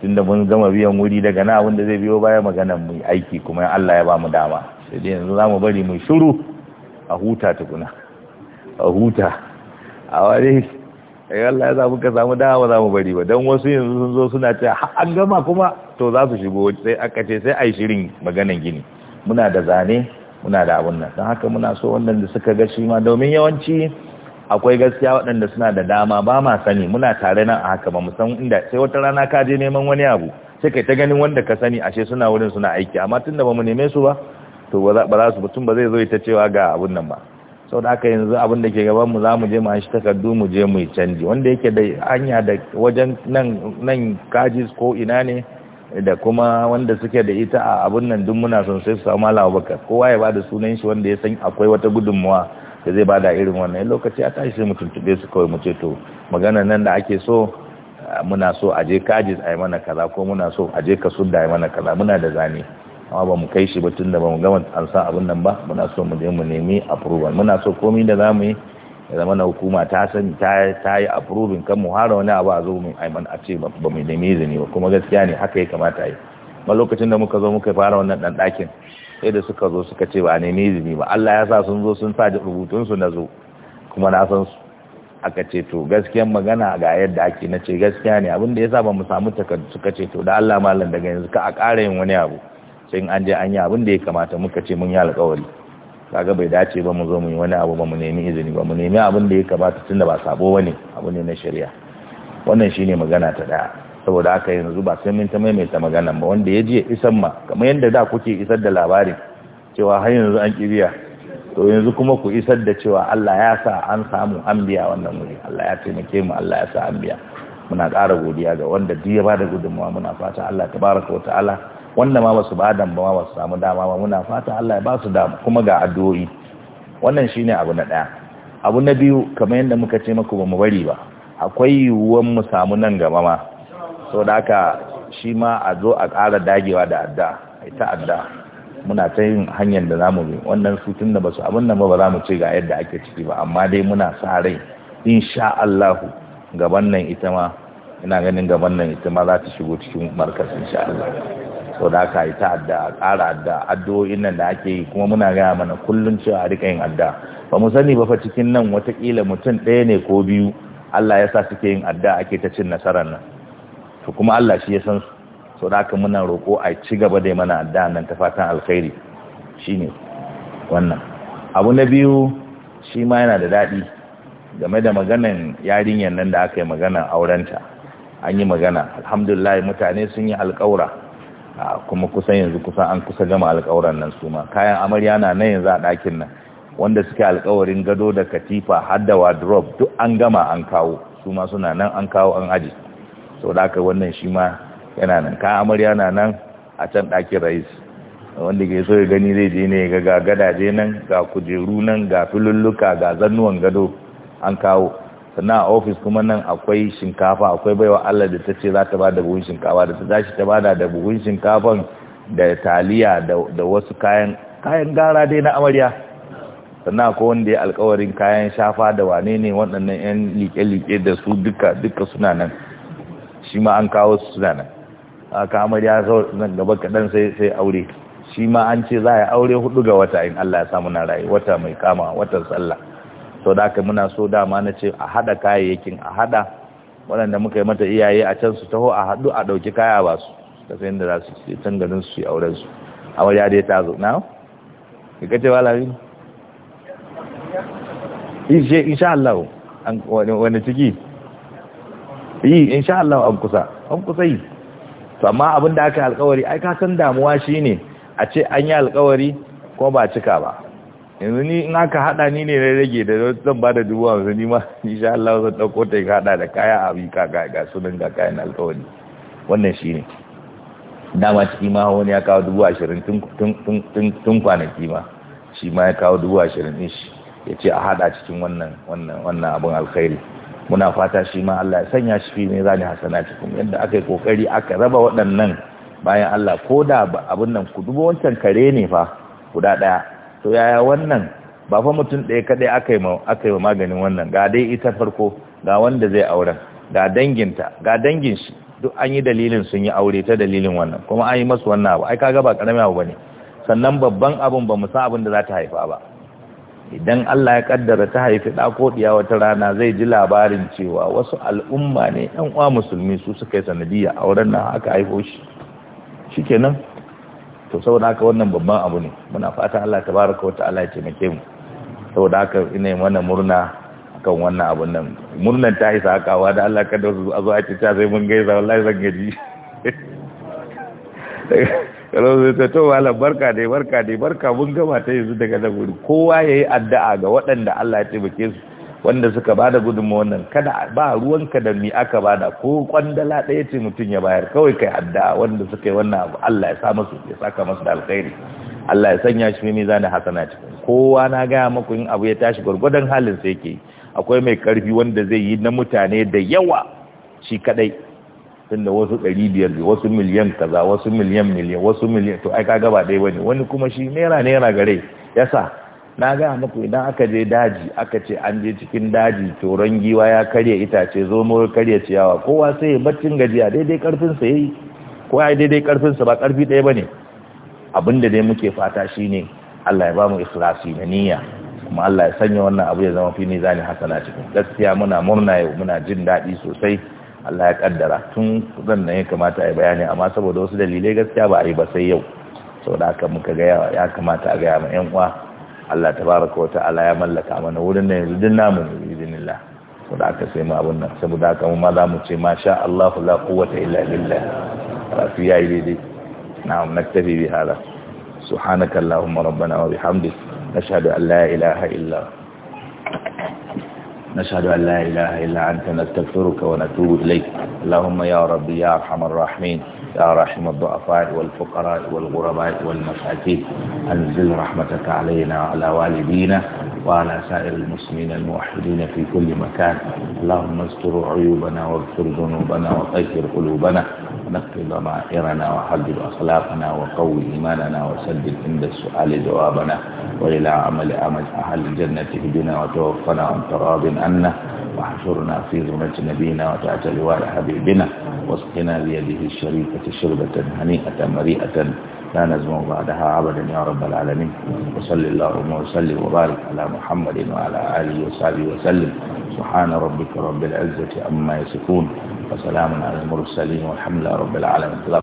tunda mun gama biyan wuri daga na abin da zai biyo baya maganan mu aiki kuma Allah ya ba mu dama sai dai yanzu zamu bari mu shiru a huta tukuna a huta a wani Allah ya samu ka samu dama za mu bari ba dan wasu yanzu sun zo suna ce an gama kuma to za su shigo sai aka ce sai ai shirin maganan gini muna da zane muna da abun nan don haka muna so wannan da suka ga shi ma domin yawanci akwai gaskiya waɗanda suna da dama ba ma sani muna tare nan a haka ba mu san inda sai wata rana ka je neman wani abu sai kai ta ganin wanda ka sani ashe suna wurin suna aiki amma tunda ba mu neme su ba to ba za su mutum ba zai zo ita cewa ga abun nan ba sau da aka yanzu abin da ke gaban mu za mu je mu an shi takardu mu je mu yi canji wanda yake da hanya da wajen nan kajis ko ina ne da kuma wanda suke da ita a abin nan duk muna son sai su samu alama abubakar kowa ya ba da sunan shi wanda ya san akwai wata gudunmuwa da zai bada irin wannan lokaci a tashi sai mu tuntube su kawai mu ce to magana nan da ake so muna so aje kaji a yi mana kaza ko muna so aje je da a yi mana kaza muna da zane amma ba mu kai shi ba tun da ba mu gama an sa abin nan ba muna so mu je mu nemi approval muna so komai da za mu yi ya zama na hukuma ta sani ta yi approving kan mu hara wani abu a zo mu mana a ce ba mu nemi izini ba kuma gaskiya ne haka ya kamata yi ma lokacin da muka zo muka fara wannan dan dakin. sai da suka zo suka ce ba ne izini ba Allah ya sa sun zo sun sa rubutunsu na zo kuma na san su aka ce to gaskiyan magana ga yadda ake na ce gaskiya ne abin da ya sa ba mu samu takardu suka ce to da Allah malam daga yanzu ka a ƙara yin wani abu sai an je an yi abin da ya kamata muka ce mun yi alƙawari kaga bai dace ba mu zo mu yi wani abu ba mu nemi izini ba mu nemi abin da ya kamata tunda ba sabo bane abu ne na shari'a wannan shine magana ta daya saboda haka yanzu ba sai mun ta maimaita magana ba wanda ya je isan ma kamar yadda da kuke isar da labarin cewa har yanzu an kibiya to yanzu kuma ku isar da cewa Allah ya sa an samu an biya wannan wuri Allah ya taimake mu Allah ya sa an biya muna ƙara godiya ga wanda duk ya bada gudunmawa muna fata Allah tabaraka wa ta'ala wanda ma basu bada ba ma basu samu dama ba muna fata Allah ya basu dama kuma ga addu'o'i wannan shine abu na daya abu na biyu kamar yadda muka ce muku ba mu bari ba akwai yiwuwan mu samu nan gaba ma sau da haka shi ma a zo a ƙara dagewa da adda ita adda muna ta yin hanyar da za mu bi wannan su tun da basu abin nan ba za mu ce ga yadda ake ciki ba amma dai muna sa rai insha Allah gaban nan ita ma ina ganin gaban nan ita ma za ta shigo cikin markas insha Allah so da haka ita adda a ƙara adda addu'o'in nan da ake yi kuma muna gaya mana kullum cewa a riƙa yin adda ba mu sani ba fa cikin nan watakila mutum ɗaya ne ko biyu Allah ya sa suke yin adda ake ta cin nasarar nan to kuma Allah shi ya san su da haka muna roƙo a ci gaba da mana da nan ta fatan alkhairi shine wannan abu na biyu shi ma yana da daɗi game da maganan yarinyar nan da aka yi maganan aurenta an yi magana alhamdulillah mutane sun yi alƙaura kuma kusan yanzu kusan an kusa gama alƙauran nan su ma kayan amarya na nan yanzu a ɗakin nan wanda suke alƙawarin gado da katifa har da wardrobe duk an gama an kawo su ma suna nan an kawo an aji sau da aka wannan shi ma yana nan Kayan amarya na nan a can ɗakin rais wanda ke so ya gani zai je ne ga gadaje nan ga kujeru nan ga filulluka ga zannuwan gado an kawo sannan a ofis kuma nan akwai shinkafa akwai baiwa Allah da ta ce za ta ba da buhun shinkafa da ta tashi ta ba da buhun shinkafan da taliya da wasu kayan kayan gara dai na amarya sannan ko wanda ya alkawarin kayan shafa da wane ne waɗannan 'yan liƙe-liƙe da su duka duka suna nan shi ma an kawo su suna nan ya zo nan gaba kaɗan sai sai aure shi ma an ce za a yi aure hudu ga wata in Allah ya sa muna rayu wata mai kama watan sallah to da aka muna so dama na ce a hada kayayyakin a hada waɗanda muka yi mata iyaye a can su taho a haɗu a ɗauki kaya ba su ta sayin da za su ce can ganin su yi auren su ya dai ta zo na ka kace ba lafi insha Allah wani ciki yi sha Allah an kusa an kusa yi to amma abin da aka alkawari ai ka san damuwa shine a ce an yi alkawari ko ba cika ba yanzu ni in aka hada ni ne na rage da zan ba da dubu hamsin ni ma sha Allah zan dauko ta ka hada da kaya a bi ka ga ga sunan ga kayan alkawari wannan shine dama ciki ma wani ya kawo dubu ashirin tun kwanaki ma shi ma ya kawo dubu ashirin din shi ya ce a hada cikin wannan wannan wannan abin alkhairi muna fata shi ma Allah ya sanya shi fi ne zani kuma yadda aka yi kokari aka raba waɗannan bayan Allah ko da abin nan ku dubo wancan kare ne fa guda ɗaya to yaya wannan ba fa mutum ɗaya kaɗai aka yi aka yi maganin wannan ga dai ita farko ga wanda zai auren ga danginta ga dangin shi duk an yi dalilin sun yi aure ta dalilin wannan kuma an yi masu wannan abu ai kaga ba karami abu bane sannan babban abun ba mu san abin da za ta haifa ba idan Allah ya kaddara ta haifi ɗa ko ɗiya wata rana zai ji labarin cewa wasu al'umma ne ɗan uwa musulmi su suka yi sanadiyya a wurin nan aka haifo shi shikenan to saboda haka wannan babban abu ne muna fata Allah ta baraka wata Allah ya taimake mu saboda haka ina mana murna akan wannan abun nan murnan ta isa wa da Allah kaddara su zo a ce ta sai mun gaisa wallahi zan gaji kalau zai ta to oh, wala barka dai barka dai barka mun gama ta yanzu daga da guri kowa yayi addu'a ga waɗanda Allah ya taimake su wanda suka bada gudunmu wannan kada ba ruwanka da mi aka bada ko kwandala ɗaya ce mutum ya bayar kawai kai addu'a wanda suka yi wannan abu Allah ya sa musu ya saka musu da alkhairi Allah ya sanya shi mai zani hasana cikin kowa na gaya maku in abu ya tashi gwargwadon halin sai yake akwai mai karfi wanda zai yi na mutane da yawa shi kadai tunda wasu ɗari biyar wasu miliyan kaza wasu miliyan miliyan wasu miliyan to ai ka gaba dai wani wani kuma shi naira naira gare yasa na gaya muku idan aka je daji aka ce an je cikin daji to rangiwa ya karya itace zomo mu karya ciyawa kowa sai baccin gajiya daidai karfin sa yayi ko ai daidai karfin sa ba karfi ɗaya bane abinda dai muke fata shine Allah ya ba mu ikhlasi da niyya kuma Allah ya sanya wannan abu ya zama fi mizani hasana cikin gaskiya muna murna yau muna jin daɗi sosai Allah ya kaddara tun zan nan ya kamata a yi bayani amma saboda wasu dalilai gaskiya ba a yi ba sai yau saboda haka muka gaya ya kamata a gaya ma yan uwa Allah tabaraka wa ta'ala ya mallaka mana wurin nan yanzu din namu ne sau saboda haka sai mu abun nan saboda haka mu ma za mu ce masha Allah la quwwata illa billah rafi yayi daidai na tafi bi hada subhanakallahumma rabbana wa bihamdik nashhadu an la ilaha illa نشهد أن لا إله إلا أنت نستغفرك ونتوب إليك اللهم يا ربي يا أرحم الراحمين يا رحم الضعفاء والفقراء والغرباء والمساكين أنزل رحمتك علينا وعلى والدينا وعلى سائر المسلمين الموحدين في كل مكان اللهم استر عيوبنا واغفر ذنوبنا وطهر قلوبنا ونقض ضمائرنا وحدد أخلاقنا وقوي إيماننا وسدد عند السؤال جوابنا وإلى عمل أمل أهل الجنة اهدنا وتوفنا عن راض عنا واحشرنا في ذمة نبينا وتحت لواء حبيبنا واسقنا بيده الشريفة شربة هنيئة مريئة لا نزمع بعدها عبدا يا رب العالمين وصل اللهم وسلم وبارك على محمد وعلى آله وصحبه وسلم سبحان ربك رب العزة أما يصفون وسلام على المرسلين والحمد لله رب العالمين